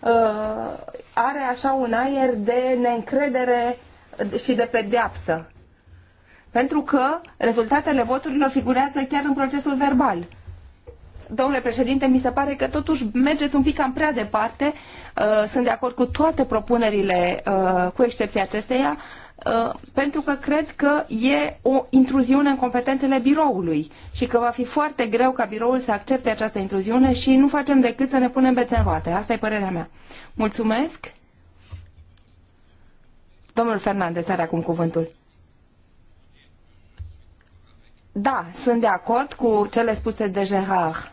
Speaker 3: uh, are așa un aer de neîncredere uh, și de pedeapsă. Pentru că rezultatele voturilor figurează chiar în procesul verbal. Domnule președinte, mi se pare că totuși mergeți un pic cam prea departe. Uh, sunt de acord cu toate propunerile, uh, cu excepția acesteia, uh, pentru că cred că e o intruziune în competențele biroului și că va fi foarte greu ca biroul să accepte această intruziune și nu facem decât să ne punem bețe în roate. Asta e părerea mea. Mulțumesc! Domnul Fernandez are acum cuvântul. Da, sunt de acord cu cele spuse de Gerard.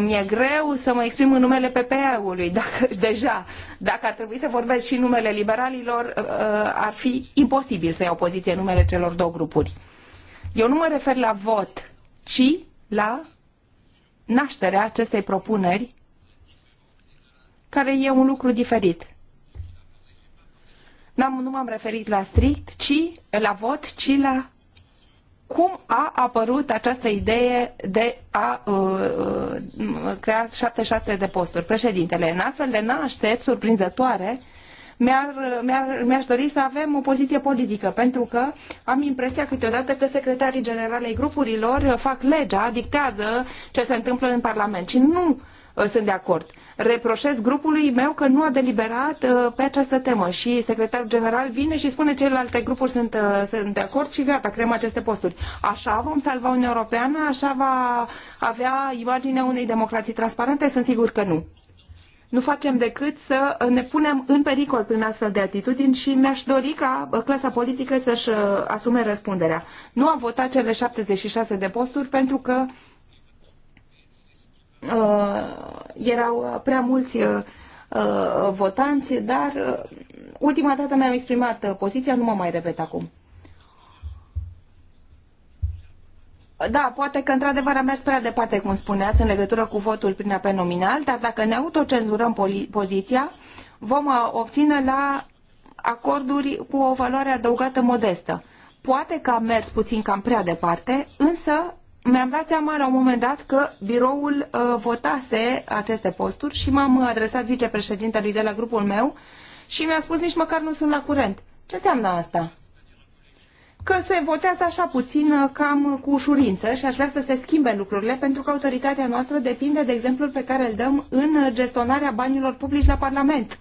Speaker 3: mi-e greu să mă exprim în numele PPE-ului, dacă, deja, dacă ar trebui să vorbesc și în numele liberalilor, uh, uh, ar fi imposibil să iau poziție în numele celor două grupuri. Eu nu mă refer la vot, ci la nașterea acestei propuneri care e un lucru diferit. -am, nu m-am referit la strict, ci la vot, ci la cum a apărut această idee de a uh, uh crea 76 de posturi. Președintele, în astfel de nașteri surprinzătoare, mi aș mi mi dori să avem o poziție politică, pentru că am impresia câteodată că secretarii generale ai grupurilor fac legea, dictează ce se întâmplă în Parlament și nu Uh, sunt de acord. Reproșez grupului meu că nu a deliberat uh, pe această temă și secretarul general vine și spune celelalte grupuri sunt, uh, sunt de acord și gata, creăm aceste posturi. Așa vom salva Uniunea Europeană, așa va avea imaginea unei democrații transparente? Sunt sigur că nu nu facem decât să ne punem în pericol prin astfel de atitudini și mi-aș dori ca clasa politică să-și asume răspunderea. Nu am votat cele 76 de posturi pentru că Uh, erau uh, prea mulți uh, votanți, dar ultima dată mi-am exprimat poziția, nu mă mai repet acum. Da, poate că într-adevăr am mers prea departe, cum spuneați, în legătură cu votul prin apel nominal, dar dacă ne autocenzurăm poziția, vom obține la acorduri cu o valoare adăugată modestă. Poate că am mers puțin cam prea departe, însă mi-am dat seama la un moment dat că biroul uh, votase aceste posturi și m-am adresat vicepreședintelui de la grupul meu și mi-a spus nici măcar nu sunt la curent. Ce înseamnă asta? Că se votează așa puțin, uh, cam cu ușurință și aș vrea să se schimbe lucrurile pentru că autoritatea noastră depinde de exemplul pe care îl dăm în gestionarea banilor publici la Parlament.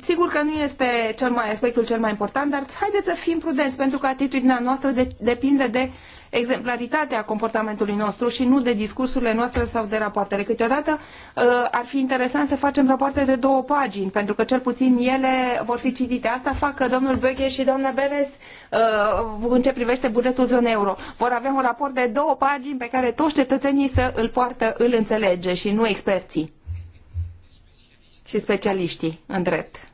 Speaker 3: Sigur că nu este cel mai, aspectul cel mai important, dar haideți să fim prudenți, pentru că atitudinea noastră de, depinde de exemplaritatea comportamentului nostru și nu de discursurile noastre sau de rapoartele. Câteodată uh, ar fi interesant să facem rapoarte de două pagini, pentru că cel puțin ele vor fi citite. Asta fac uh, domnul Böge și doamna Beres uh, în ce privește bugetul zonei euro. Vor avea un raport de două pagini pe care toți cetățenii să îl poartă, îl înțelege și nu experții și specialiștii în drept.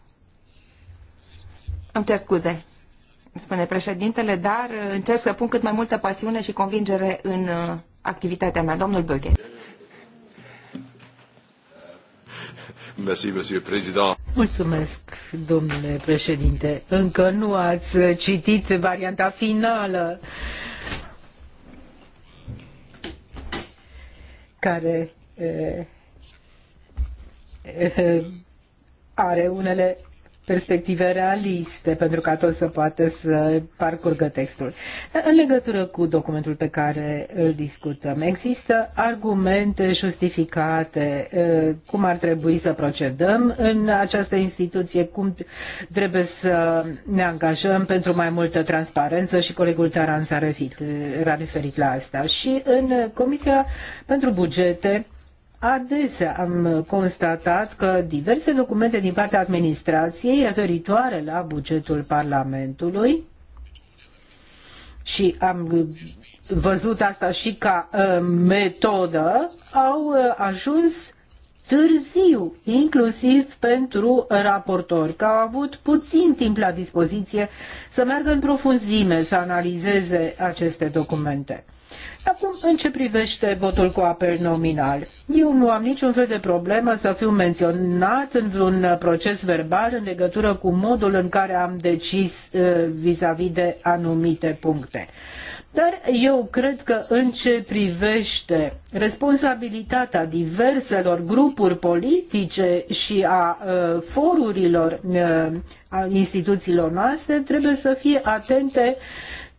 Speaker 3: Îmi cer scuze, spune președintele, dar uh, încerc să pun cât mai multă pasiune și convingere în uh, activitatea mea. Domnul Böge. Mulțumesc, domnule președinte.
Speaker 1: Încă nu ați citit varianta finală care e, uh, e, are unele perspective realiste pentru ca toți să poată să parcurgă textul. În legătură cu documentul pe care îl discutăm, există argumente justificate cum ar trebui să procedăm în această instituție, cum trebuie să ne angajăm pentru mai multă transparență și colegul Taran s-a referit, referit la asta. Și în Comisia pentru Bugete, Adesea am constatat că diverse documente din partea administrației referitoare la bugetul Parlamentului și am văzut asta și ca uh, metodă, au uh, ajuns târziu, inclusiv pentru raportori, că au avut puțin timp la dispoziție să meargă în profunzime, să analizeze aceste documente. Acum, în ce privește votul cu apel nominal? Eu nu am niciun fel de problemă să fiu menționat în un proces verbal în legătură cu modul în care am decis uh, vis-a-vis -vis de anumite puncte. Dar eu cred că în ce privește responsabilitatea diverselor grupuri politice și a uh, forurilor uh, a instituțiilor noastre, trebuie să fie atente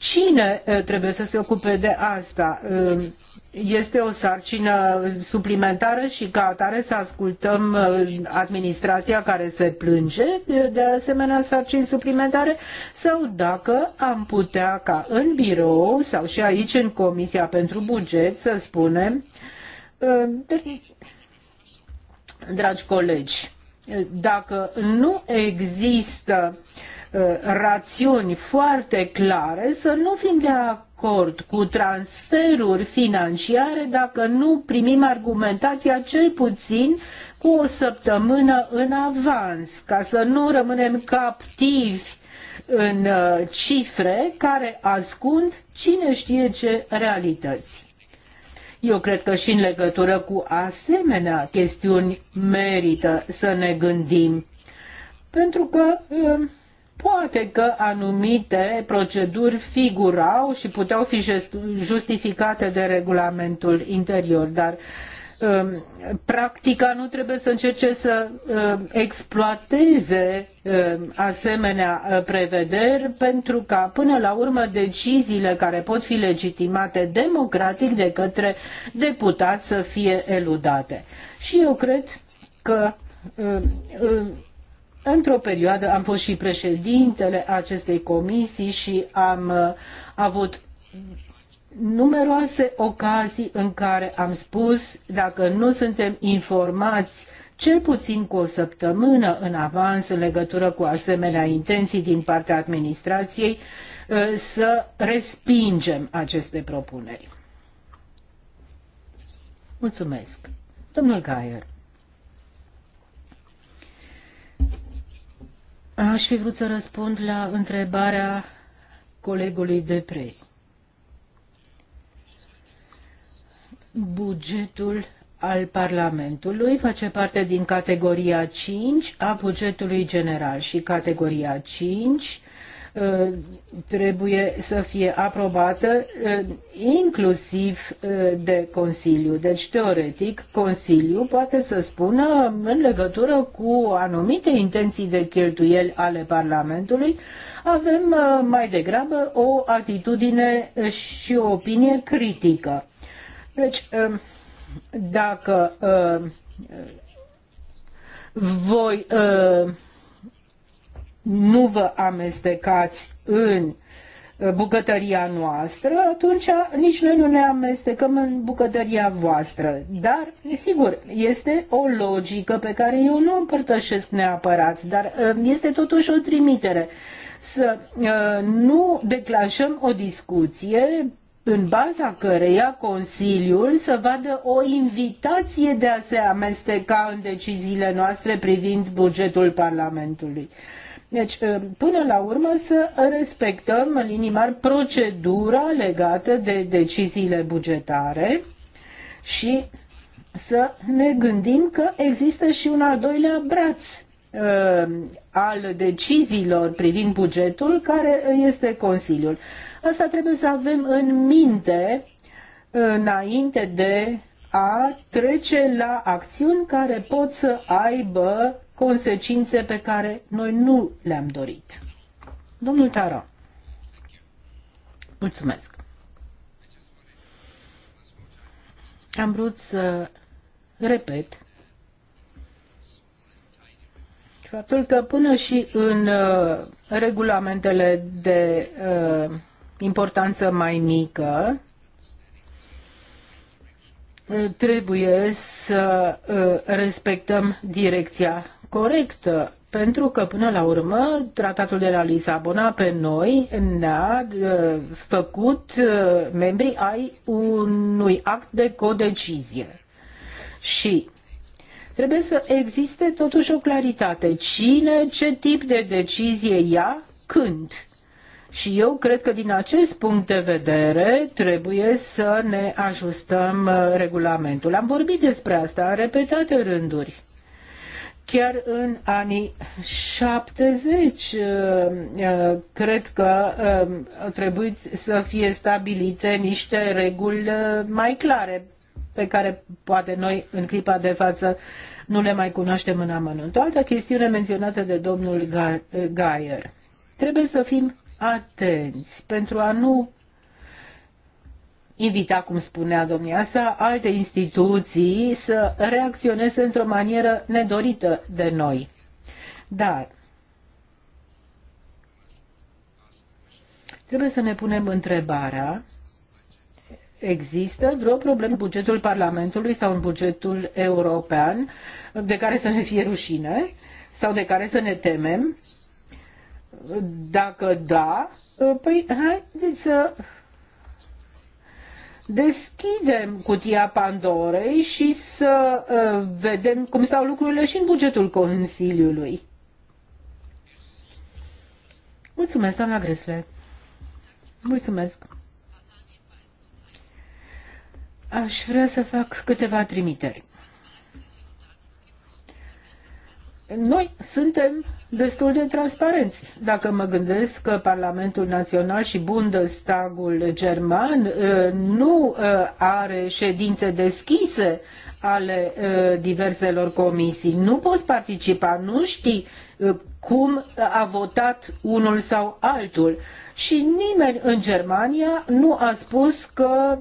Speaker 1: Cine uh, trebuie să se ocupe de asta? Um, este o sarcină suplimentară și ca atare să ascultăm uh, administrația care se plânge de asemenea sarcini suplimentare sau dacă am putea ca în birou sau și aici în Comisia pentru Buget să spunem uh, dragi colegi, dacă nu există uh, Uh, rațiuni foarte clare să nu fim de acord cu transferuri financiare dacă nu primim argumentația cel puțin cu o săptămână în avans, ca să nu rămânem captivi în uh, cifre care ascund cine știe ce realități. Eu cred că și în legătură cu asemenea chestiuni merită să ne gândim, pentru că uh, poate că anumite proceduri figurau și puteau fi justificate de regulamentul interior, dar um, practica nu trebuie să încerce să um, exploateze um, asemenea uh, prevederi pentru ca până la urmă deciziile care pot fi legitimate democratic de către deputați să fie eludate. Și eu cred că Într-o perioadă am fost și președintele acestei comisii și am uh, avut numeroase ocazii în care am spus dacă nu suntem informați cel puțin cu o săptămână în avans în legătură cu asemenea intenții din partea administrației, uh, să respingem aceste propuneri. Mulțumesc. Domnul Gaier. Aș fi vrut să răspund la întrebarea colegului de pres. Bugetul al Parlamentului face parte din categoria 5 a bugetului general și categoria 5 Uh, trebuie să fie aprobată uh, inclusiv uh, de Consiliu. Deci, teoretic, Consiliu poate să spună în legătură cu anumite intenții de cheltuieli ale Parlamentului, avem mai degrabă o atitudine și o opinie critică. Deci, dacă voi nu vă amestecați în uh, bucătăria noastră, atunci nici noi nu ne amestecăm în bucătăria voastră. Dar, sigur, este o logică pe care eu nu o împărtășesc neapărat, dar uh, este totuși o trimitere să uh, nu declanșăm o discuție în baza căreia Consiliul să vadă o invitație de a se amesteca în deciziile noastre privind bugetul Parlamentului. Deci, uh, până la urmă, să respectăm în linii mari procedura legată de deciziile bugetare și să ne gândim că există și un al doilea braț uh, al deciziilor privind bugetul, care este Consiliul. Asta trebuie să avem în minte uh, înainte de a trece la acțiuni care pot să aibă consecințe pe care noi nu le-am dorit. Domnul Tara, mulțumesc. Am vrut să repet faptul că până și în uh, regulamentele de uh, importanță mai mică uh, trebuie să uh, respectăm direcția Corect, pentru că până la urmă tratatul de la Lisabona pe noi ne-a uh, făcut uh, membri ai unui act de codecizie. Și trebuie să existe totuși o claritate. Cine, ce tip de decizie ia, când. Și eu cred că din acest punct de vedere trebuie să ne ajustăm uh, regulamentul. Am vorbit despre asta în repetate rânduri. Chiar în anii 70, uh, uh, cred că um, au trebuit să fie stabilite niște reguli uh, mai clare, pe care poate noi în clipa de față nu le mai cunoaștem în amănunt. O altă chestiune menționată de domnul Gaier. Trebuie să fim atenți pentru a nu invita, cum spunea domnia sa, alte instituții să reacționeze într-o manieră nedorită de noi. Dar trebuie să ne punem întrebarea Există vreo problemă în bugetul Parlamentului sau în bugetul european de care să ne fie rușine sau de care să ne temem? Dacă da, păi haideți să deschidem cutia Pandorei și să uh, vedem cum stau lucrurile și în bugetul Consiliului. Mulțumesc, doamna Gresle. Mulțumesc. Aș vrea să fac câteva trimiteri. noi suntem destul de transparenți. Dacă mă gândesc că Parlamentul Național și Bundestagul german uh, nu uh, are ședințe deschise ale uh, diverselor comisii, nu poți participa, nu știi cum a votat unul sau altul. Și nimeni în Germania nu a spus că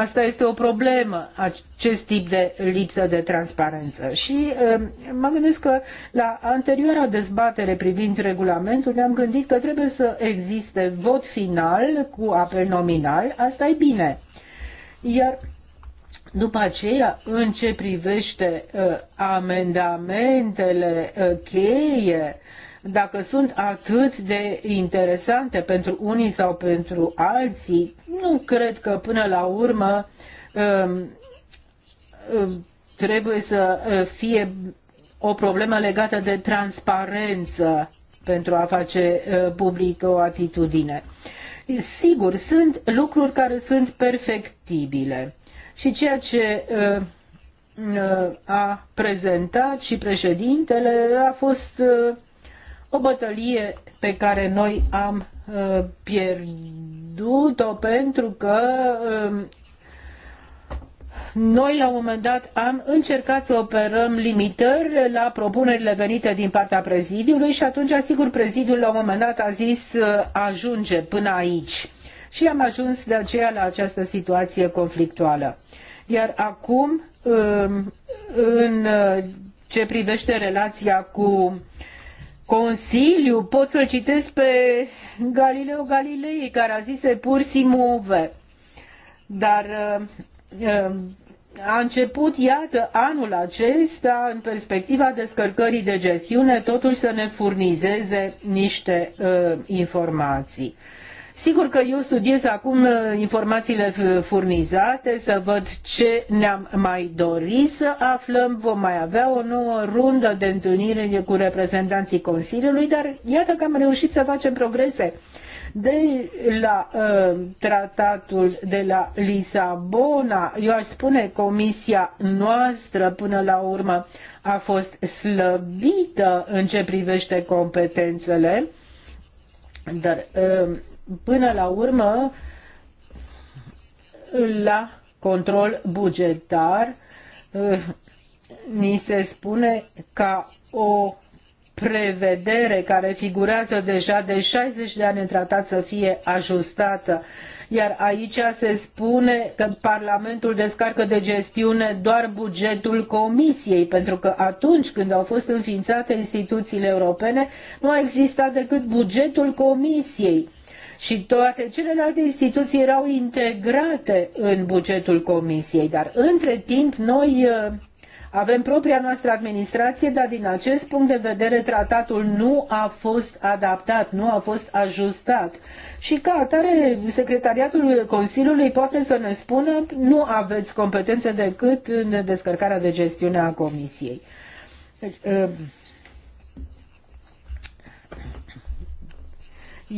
Speaker 1: Asta este o problemă, acest tip de lipsă de transparență. Și um, mă gândesc că la anterioara dezbatere privind regulamentul ne-am gândit că trebuie să existe vot final cu apel nominal. Asta e bine. Iar după aceea, în ce privește uh, amendamentele uh, cheie, uh, dacă sunt atât de interesante pentru unii sau pentru alții, nu cred că până la urmă um, um, trebuie să uh, fie o problemă legată de transparență pentru a face uh, publică o atitudine. Sigur, sunt lucruri care sunt perfectibile. Și ceea ce uh, a prezentat și președintele a fost o bătălie pe care noi am uh, pierdut-o pentru că um, noi la un moment dat am încercat să operăm limitări la propunerile venite din partea prezidiului și atunci, asigur prezidiul la un moment dat a zis uh, ajunge până aici. Și am ajuns de aceea la această situație conflictuală. Iar acum, um, în uh, ce privește relația cu uh, Consiliu pot să-l citesc pe Galileo Galilei, care a zis pur si move. Dar uh, uh, a început, iată, anul acesta, în perspectiva descărcării de gestiune, totuși să ne furnizeze niște uh, informații. Uh, Sigur că eu studiez acum uh, informațiile furnizate, să văd ce ne-am mai dori să aflăm. Vom mai avea o nouă rundă de întâlnire cu reprezentanții Consiliului, dar iată că am reușit să facem progrese de la uh, tratatul de la Lisabona, eu aș spune comisia noastră până la urmă a fost slăbită în ce privește competențele, dar uh, până la urmă la control bugetar eh, ni se spune ca o prevedere care figurează deja de 60 de ani în tratat să fie ajustată. Iar aici se spune că Parlamentul descarcă de gestiune doar bugetul Comisiei, pentru că atunci când au fost înființate instituțiile europene, nu a existat decât bugetul Comisiei și toate celelalte instituții erau integrate în bugetul comisiei, dar între timp noi uh, avem propria noastră administrație, dar din acest punct de vedere tratatul nu a fost adaptat, nu a fost ajustat. Și ca atare, secretariatul Consiliului poate să ne spună nu aveți competențe decât în descărcarea de gestiune a Comisiei. Deci, uh,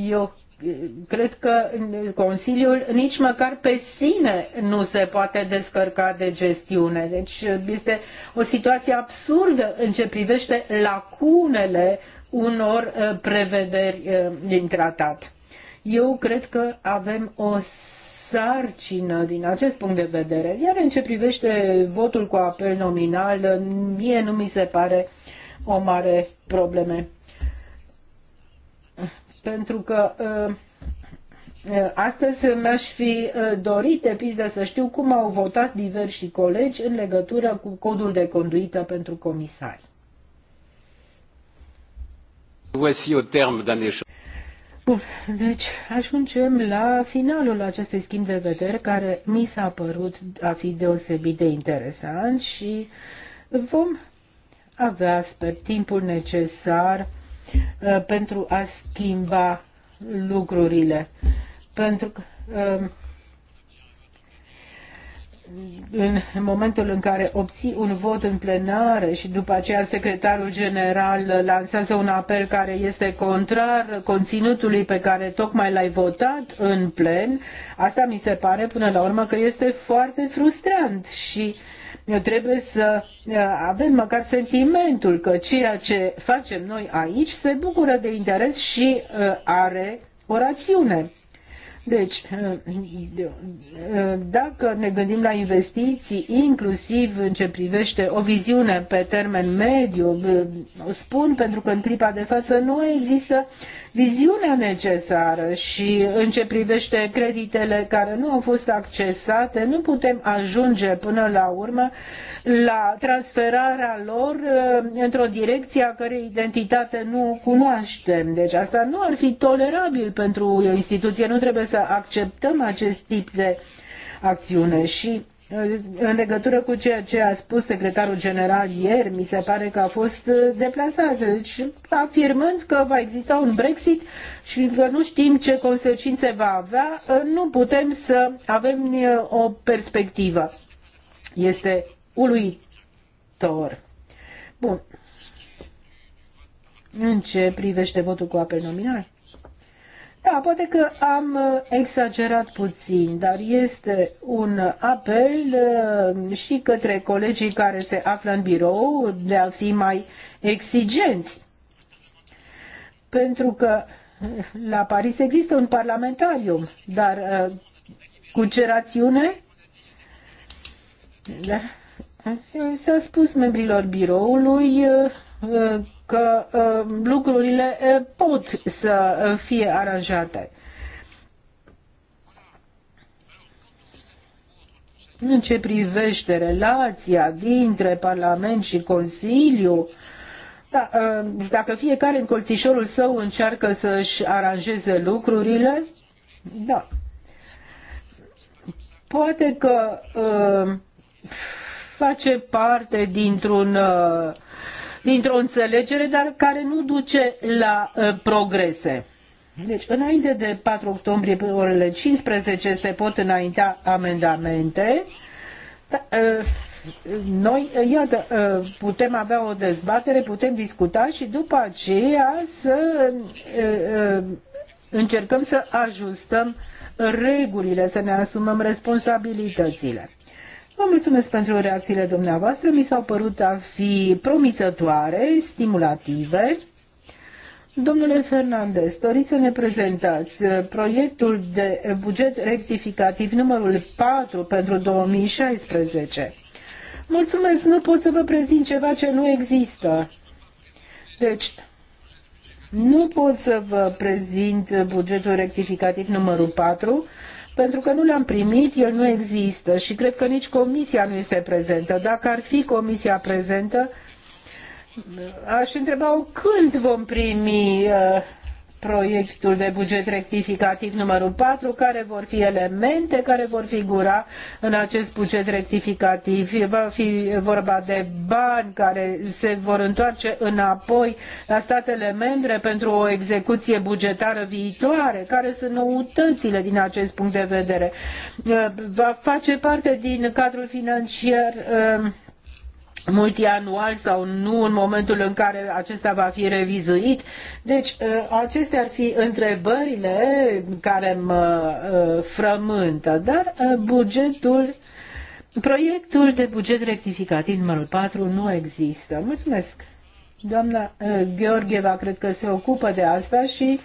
Speaker 1: eu cred că Consiliul nici măcar pe sine nu se poate descărca de gestiune. Deci este o situație absurdă în ce privește lacunele unor uh, prevederi uh, din tratat. Eu cred că avem o sarcină din acest punct de vedere. Iar în ce privește votul cu apel nominal, mie nu mi se pare o mare problemă. Pentru că uh, uh, astăzi mi-aș fi uh, dorit, de pildă, să știu cum au votat diversi colegi în legătură cu codul de conduită pentru comisari. Voici au terme d'un Bun, deci ajungem la finalul acestui schimb de vedere care mi s-a părut a fi deosebit de interesant și vom avea, sper, timpul necesar Uh, pentru a schimba lucrurile. Pentru că um, în momentul în care obții un vot în plenară și după aceea secretarul general lansează un apel care este contrar conținutului pe care tocmai l-ai votat în plen, asta mi se pare până la urmă că este foarte frustrant și uh, Trebuie să uh, avem măcar sentimentul că ceea ce facem noi aici se bucură de interes și uh, are o rațiune. Deci, uh, dacă ne gândim la investiții, inclusiv în ce privește o viziune pe termen mediu, o spun pentru că în clipa de față nu există viziunea necesară și în ce privește creditele care nu au fost accesate, nu putem ajunge până la urmă la transferarea lor uh, într-o direcție a cărei identitate nu o cunoaștem. Deci asta nu ar fi tolerabil pentru o instituție, nu trebuie să acceptăm acest tip de acțiune și în legătură cu ceea ce a spus secretarul general ieri, mi se pare că a fost uh, deplasat, deci afirmând că va exista un Brexit și că nu știm ce consecințe va avea, uh, nu putem să avem uh, o perspectivă. Este uluitor. Bun. În ce privește votul cu apel nominal? Da, poate că am uh, exagerat puțin, dar este un apel uh, și către colegii care se află în birou de a fi mai exigenți. Pentru că uh, la Paris există un parlamentarium, dar cu ce rațiune? Da. S-a spus membrilor biroului că uh, lucrurile uh, pot să fie aranjate. În ce privește relația dintre Parlament și Consiliu, da, uh, dacă fiecare în colțișorul său încearcă să-și aranjeze lucrurile, da. Poate că face parte dintr-un uh, dintr-o înțelegere, dar care nu duce la uh, progrese. Deci, înainte de 4 octombrie, pe orele 15, se pot înainta amendamente. Da, uh, noi, uh, iată, putem avea o dezbatere, putem discuta și după aceea să încercăm să ajustăm regulile, să ne asumăm responsabilitățile. Vă mulțumesc pentru reacțiile dumneavoastră. Mi s-au părut a fi promițătoare, stimulative. Domnule Fernandez, doriți să ne prezentați uh, proiectul de buget rectificativ numărul 4 pentru 2016. Mulțumesc, nu pot să vă prezint ceva ce nu există. Deci, nu pot să vă prezint bugetul rectificativ numărul 4 pentru că nu le-am primit, el nu există și cred că nici comisia nu este prezentă. Dacă ar fi comisia prezentă, aș întreba-o când vom primi uh, proiectul de buget rectificativ numărul 4, care vor fi elemente care vor figura în acest buget rectificativ. Va fi vorba de bani care se vor întoarce înapoi la statele membre pentru o execuție bugetară viitoare. Care sunt noutățile din acest punct de vedere? Va face parte din cadrul financiar uh, multianual sau nu în momentul în care acesta va fi revizuit. Deci uh, acestea ar fi întrebările care mă uh, frământă, dar uh, bugetul Proiectul de buget rectificativ numărul 4 nu există. Mulțumesc. Doamna Gheorgheva cred că se ocupă de asta și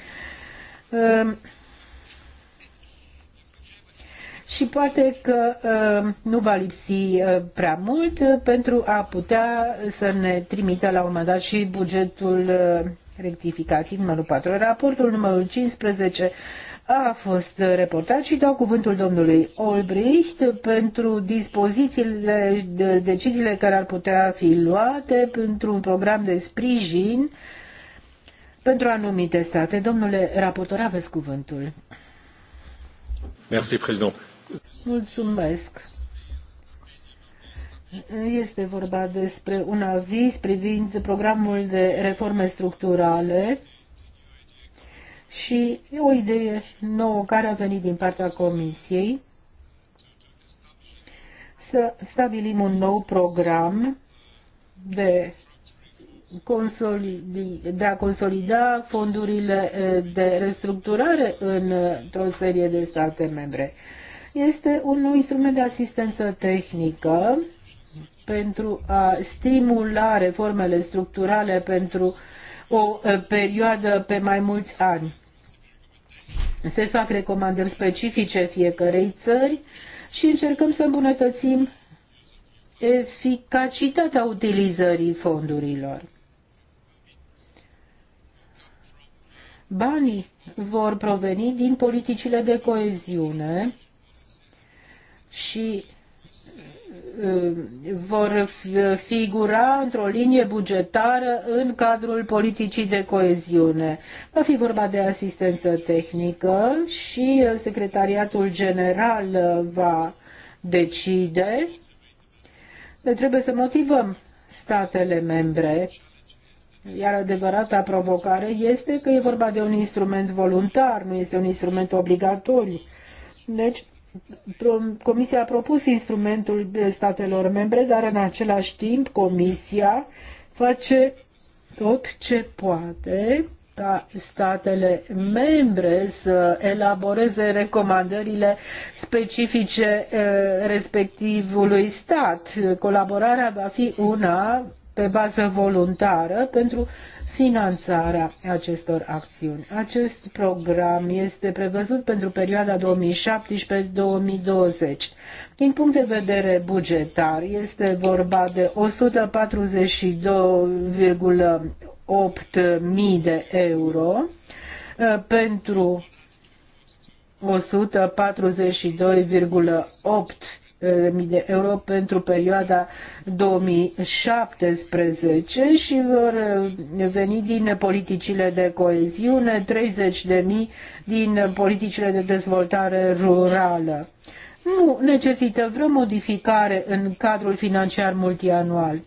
Speaker 1: și poate că uh, nu va lipsi uh, prea mult uh, pentru a putea să ne trimită la un moment dat și bugetul rectificativ numărul 4. Raportul numărul 15 a fost reportat și dau cuvântul domnului Olbricht pentru dispozițiile, deciziile care ar putea fi luate pentru un program de sprijin pentru anumite state. Domnule raportor, aveți cuvântul.
Speaker 2: Merci, președinte.
Speaker 1: Mulțumesc. Este vorba despre un aviz privind programul de reforme structurale și e o idee nouă care a venit din partea Comisiei să stabilim un nou program de, de a consolida fondurile eh, de restructurare într-o serie de state membre. Este un instrument de asistență tehnică pentru a stimula reformele structurale pentru o perioadă pe mai mulți ani. Se fac recomandări specifice fiecarei țări și încercăm să îmbunătățim eficacitatea utilizării fondurilor. Banii vor proveni din politicile de coeziune și uh, vor figura într-o linie bugetară în cadrul politicii de coeziune. Va fi vorba de asistență tehnică și uh, Secretariatul General uh, va decide. Trebuie să motivăm statele membre iar adevărata provocare este că e vorba de un instrument voluntar, nu este un instrument obligatoriu. Deci, Comisia a propus instrumentul eh, statelor membre, dar în același timp Comisia face tot ce poate ca statele membre să elaboreze recomandările specifice eh, respectivului stat. Colaborarea va fi una pe bază voluntară pentru finanțarea acestor acțiuni. Acest program este prevăzut pentru perioada 2017-2020. Din punct de vedere bugetar, este vorba de 142,8 mii de euro uh, pentru 142,8 Uh, de euro pentru perioada 2017 și vor uh, veni din politicile de coeziune 30.000 din politicile de dezvoltare rurală. Nu necesită vreo modificare în cadrul financiar multianual.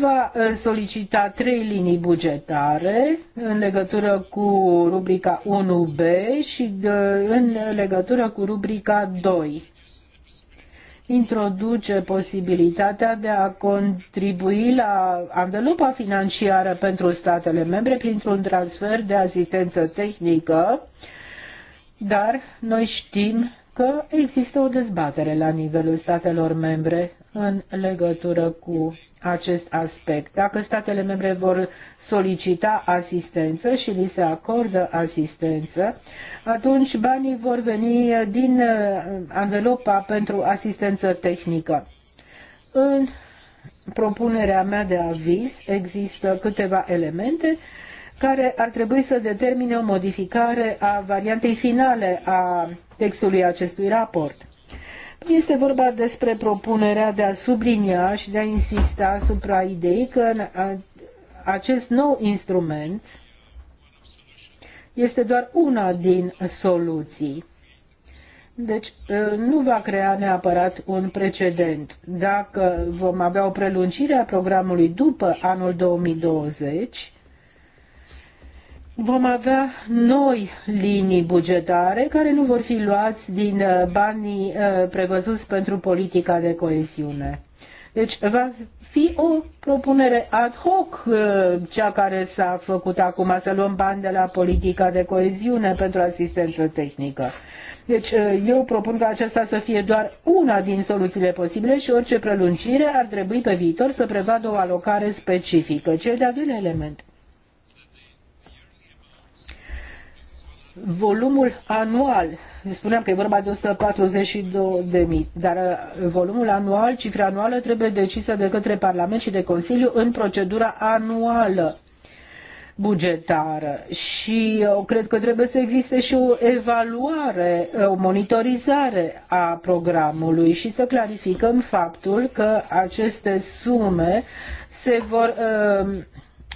Speaker 1: va eh, solicita trei linii bugetare în legătură cu rubrica 1B și în legătură cu rubrica 2 introduce posibilitatea de a contribui la anvelopa financiară pentru statele membre printr-un transfer de asistență tehnică, dar noi știm că există o dezbatere la nivelul statelor membre în legătură cu acest aspect. Dacă statele membre vor solicita asistență și li se acordă asistență, atunci banii vor veni din uh, anvelopa pentru asistență tehnică. În propunerea mea de aviz există câteva elemente care ar trebui să determine o modificare a variantei finale a textului acestui raport. Este vorba despre propunerea de a sublinia și de a insista asupra ideii că acest nou instrument este doar una din soluții. Deci ă, nu va crea neapărat un precedent. Dacă vom avea o prelungire a programului după anul 2020, vom avea noi linii bugetare care nu vor fi luați din uh, banii uh, prevăzuți pentru politica de coeziune. Deci va fi o propunere ad hoc, uh, cea care s-a făcut acum, să luăm bani de la politica de coeziune pentru asistență tehnică. Deci eu propun ca aceasta să fie doar una din soluțiile posibile și orice prelungire ar trebui pe viitor să prevadă o alocare specifică. Cel de-al doilea element volumul anual, spuneam că e vorba de 142.000, dar uh, volumul anual, cifra anuală trebuie decisă de către Parlament și de Consiliu în procedura anuală bugetară și eu cred că trebuie să existe și o evaluare, o monitorizare a programului și să clarificăm faptul că aceste sume se vor uh,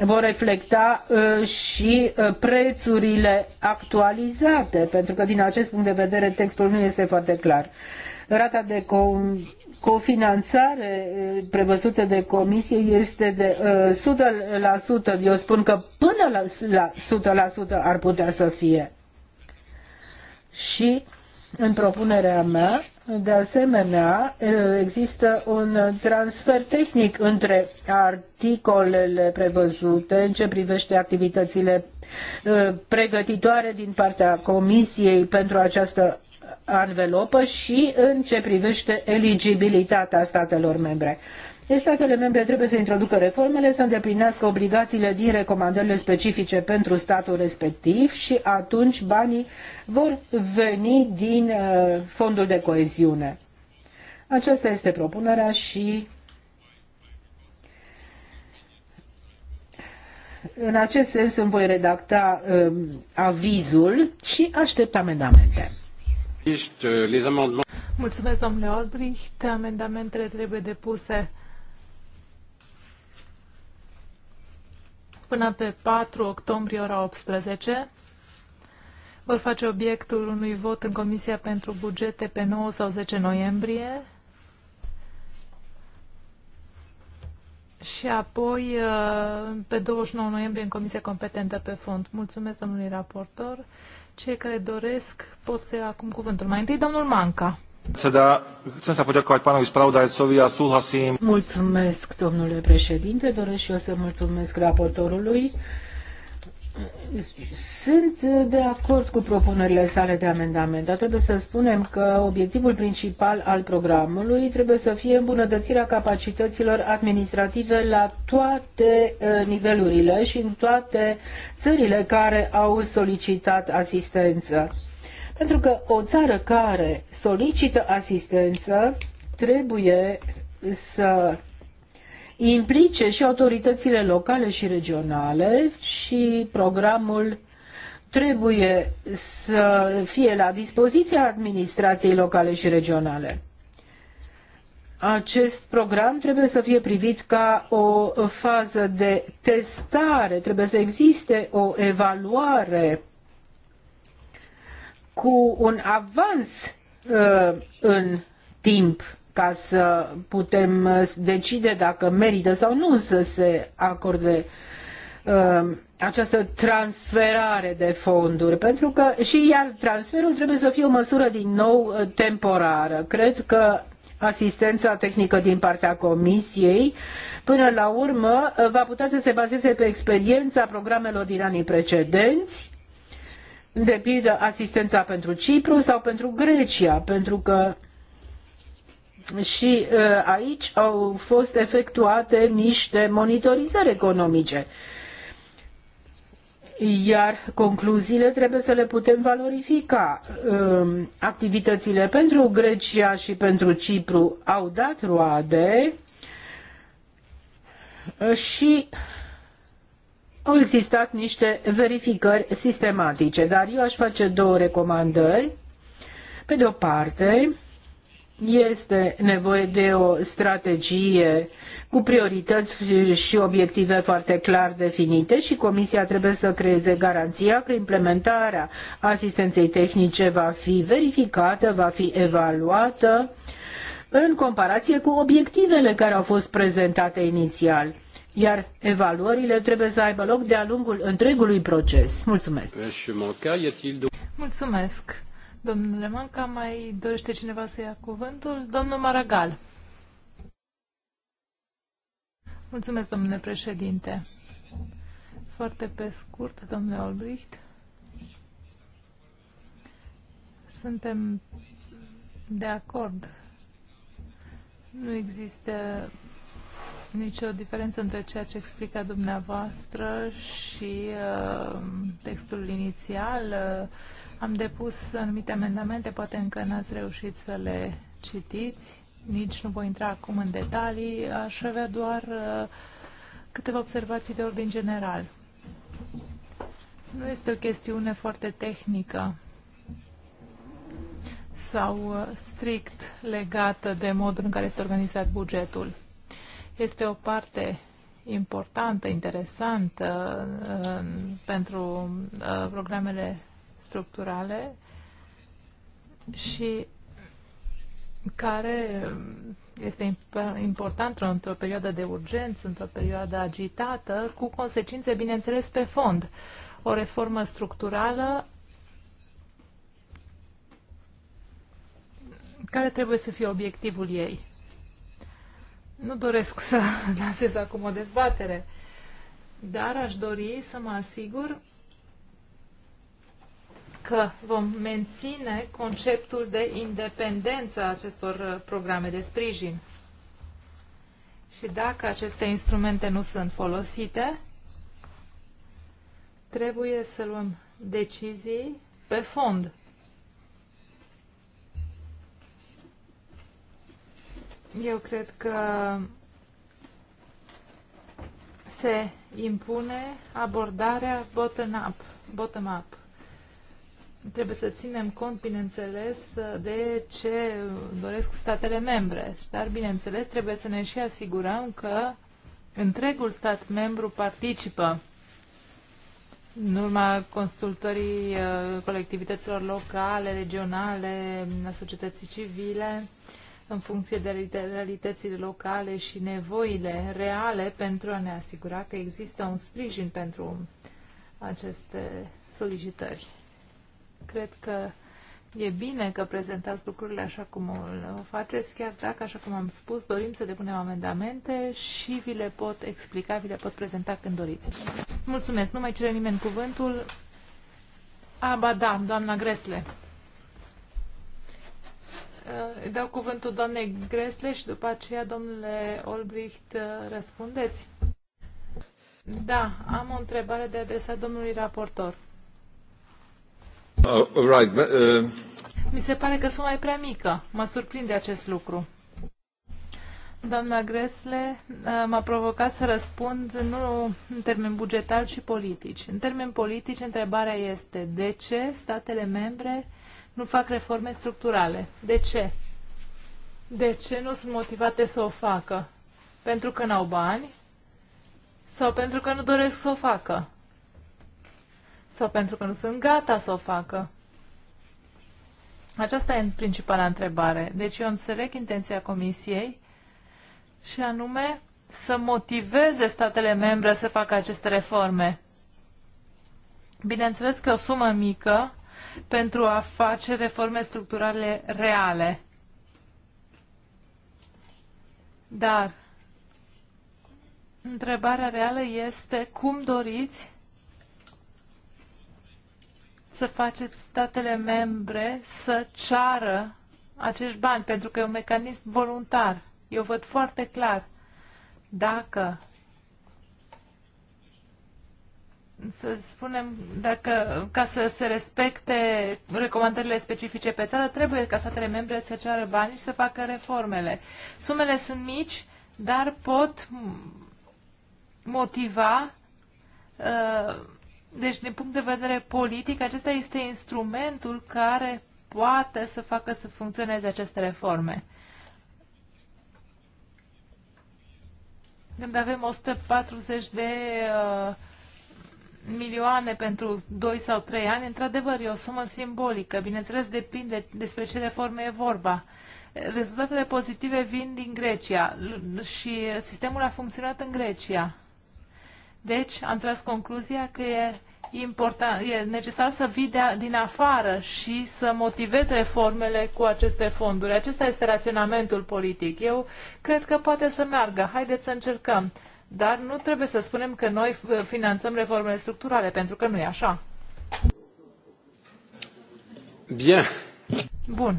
Speaker 1: vor reflecta uh, și uh, prețurile actualizate, pentru că din acest punct de vedere textul nu este foarte clar. Rata de cofinanțare uh, prevăzută de comisie este de 100%. Eu spun că până la 100% ar putea să fie. Și în propunerea mea de asemenea, există un transfer tehnic între articolele prevăzute în ce privește activitățile pregătitoare din partea Comisiei pentru această anvelopă și în ce privește eligibilitatea statelor membre. Deci statele membre trebuie să introducă reformele, să îndeplinească obligațiile din recomandările specifice pentru statul respectiv și atunci banii vor veni din uh, fondul de coeziune. Aceasta este propunerea și în acest sens îmi voi redacta uh, avizul și aștept amendamente. Uh,
Speaker 2: Mulțumesc, domnule Olbricht. Amendamentele trebuie depuse până pe 4 octombrie ora 18 vor face obiectul unui vot în Comisia pentru Bugete pe 9 sau 10 noiembrie și apoi uh, pe 29 noiembrie în Comisia Competentă pe Fond. Mulțumesc, domnului raportor. Cei care doresc pot să ia acum cuvântul. Mai întâi, domnul Manca.
Speaker 1: Mulțumesc, domnule președinte. Doresc și eu să mulțumesc raportorului. Sunt de acord cu propunerile sale de amendament, dar trebuie să spunem că obiectivul principal al programului trebuie să fie îmbunătățirea capacităților administrative la toate nivelurile și în toate țările care au solicitat asistență pentru că o țară care solicită asistență trebuie să implice și autoritățile locale și regionale și programul trebuie să fie la dispoziția administrației locale și regionale. Acest program trebuie să fie privit ca o fază de testare, trebuie să existe o evaluare cu un avans uh, în timp ca să putem uh, decide dacă merită sau nu să se acorde uh, această transferare de fonduri, pentru că și iar transferul trebuie să fie o măsură din nou uh, temporară. Cred că asistența tehnică din partea Comisiei, până la urmă uh, va putea să se bazeze pe experiența programelor din anii precedenți de pildă asistența pentru Cipru sau pentru Grecia, pentru că și uh, aici au fost efectuate niște monitorizări economice. Iar concluziile trebuie să le putem valorifica. Um, activitățile pentru Grecia și pentru Cipru au dat roade și au existat niște verificări sistematice, dar eu aș face două recomandări. Pe de o parte, este nevoie de o strategie cu priorități și obiective foarte clar definite și Comisia trebuie să creeze garanția că implementarea asistenței tehnice va fi verificată, va fi evaluată în comparație cu obiectivele care au fost prezentate inițial iar evaluările trebuie să aibă loc de-a lungul întregului proces. Mulțumesc! Mulțumesc!
Speaker 2: Domnule Manca, mai dorește cineva să ia cuvântul? Domnul Maragal. Mulțumesc, domnule președinte. Foarte pe scurt, domnule Olbricht. Suntem de acord. Nu există nicio diferență între ceea ce explica dumneavoastră și uh, textul inițial. Uh, am depus anumite amendamente, poate încă n-ați reușit să le citiți, nici nu voi intra acum în detalii, aș avea doar uh, câteva observații de ordin general. Nu este o chestiune foarte tehnică sau uh, strict legată de modul în care este organizat bugetul este o parte importantă, interesantă uh, pentru uh, programele structurale și care este important într-o perioadă de urgență, într-o perioadă agitată, cu consecințe, bineînțeles, pe fond. O reformă structurală care trebuie să fie obiectivul ei. Nu doresc să lasez acum o dezbatere, dar aș dori să mă asigur că vom menține conceptul de independență a acestor uh, programe de sprijin. Și dacă aceste instrumente nu sunt folosite, trebuie să luăm decizii pe fond Eu cred că se impune abordarea bottom-up. Bottom up. Trebuie să ținem cont, bineînțeles, de ce doresc statele membre. Dar, bineînțeles, trebuie să ne și asigurăm că întregul stat membru participă în urma consultării uh, colectivităților locale, regionale, a societății civile în funcție de realitățile locale și nevoile reale pentru a ne asigura că există un sprijin pentru aceste solicitări. Cred că e bine că prezentați lucrurile așa cum o faceți, chiar dacă, așa cum am spus, dorim să depunem amendamente și vi le pot explica, vi le pot prezenta când doriți. Mulțumesc, nu mai cere nimeni cuvântul. Aba da, doamna Gresle. Uh, dau cuvântul doamnei Gresle și după aceea, domnule Olbricht, uh, răspundeți. Da, am o întrebare de adresa domnului raportor.
Speaker 1: Uh, right. uh...
Speaker 2: Mi se pare că sunt mai prea mică. Mă surprinde acest lucru. Doamna Gresle uh, m-a provocat să răspund nu în termeni bugetari, ci politici. În termeni politici, întrebarea este de ce statele membre nu fac reforme structurale. De ce? De ce nu sunt motivate să o facă? Pentru că n-au bani? Sau pentru că nu doresc să o facă? Sau pentru că nu sunt gata să o facă? Aceasta e principala întrebare. Deci eu înțeleg intenția Comisiei și anume să motiveze statele membre să facă aceste reforme. Bineînțeles că o sumă mică pentru a face reforme structurale reale. Dar întrebarea reală este cum doriți să faceți statele membre să ceară acești bani, pentru că e un mecanism voluntar. Eu văd foarte clar. Dacă să spunem, dacă, ca să se respecte recomandările specifice pe țară, trebuie ca statele membre să ceară bani și să facă reformele. Sumele sunt mici, dar pot motiva, uh, deci din punct de vedere politic, acesta este instrumentul care poate să facă să funcționeze aceste reforme. Când avem 140 de uh, milioane pentru 2 sau 3 ani, într-adevăr e o sumă simbolică. Bineînțeles, depinde despre ce reforme e vorba. Rezultatele pozitive vin din Grecia și sistemul a funcționat în Grecia. Deci am tras concluzia că e important, e necesar să vii de, din afară și să motivezi reformele cu aceste fonduri. Acesta este raționamentul politic. Eu cred că poate să meargă. Haideți să încercăm. Dar nu trebuie să spunem că noi uh, finanțăm reformele structurale, pentru că nu e așa. Bine. Bun.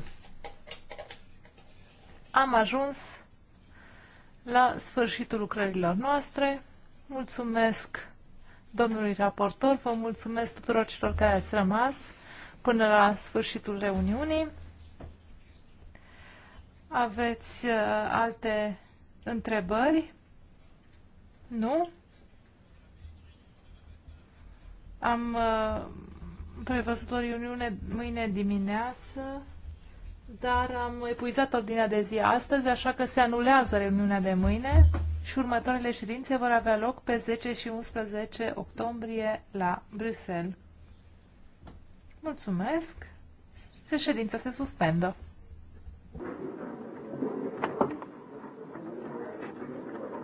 Speaker 2: Am ajuns la sfârșitul lucrărilor noastre. Mulțumesc domnului raportor, vă mulțumesc tuturor celor care ați rămas până la sfârșitul reuniunii. Aveți uh, alte întrebări? Nu? Am uh, prevăzut o reuniune mâine dimineață, dar am epuizat ordinea de zi astăzi, așa că se anulează reuniunea de mâine și următoarele ședințe vor avea loc pe 10 și 11 octombrie la Bruxelles. Mulțumesc! Ședința se suspendă.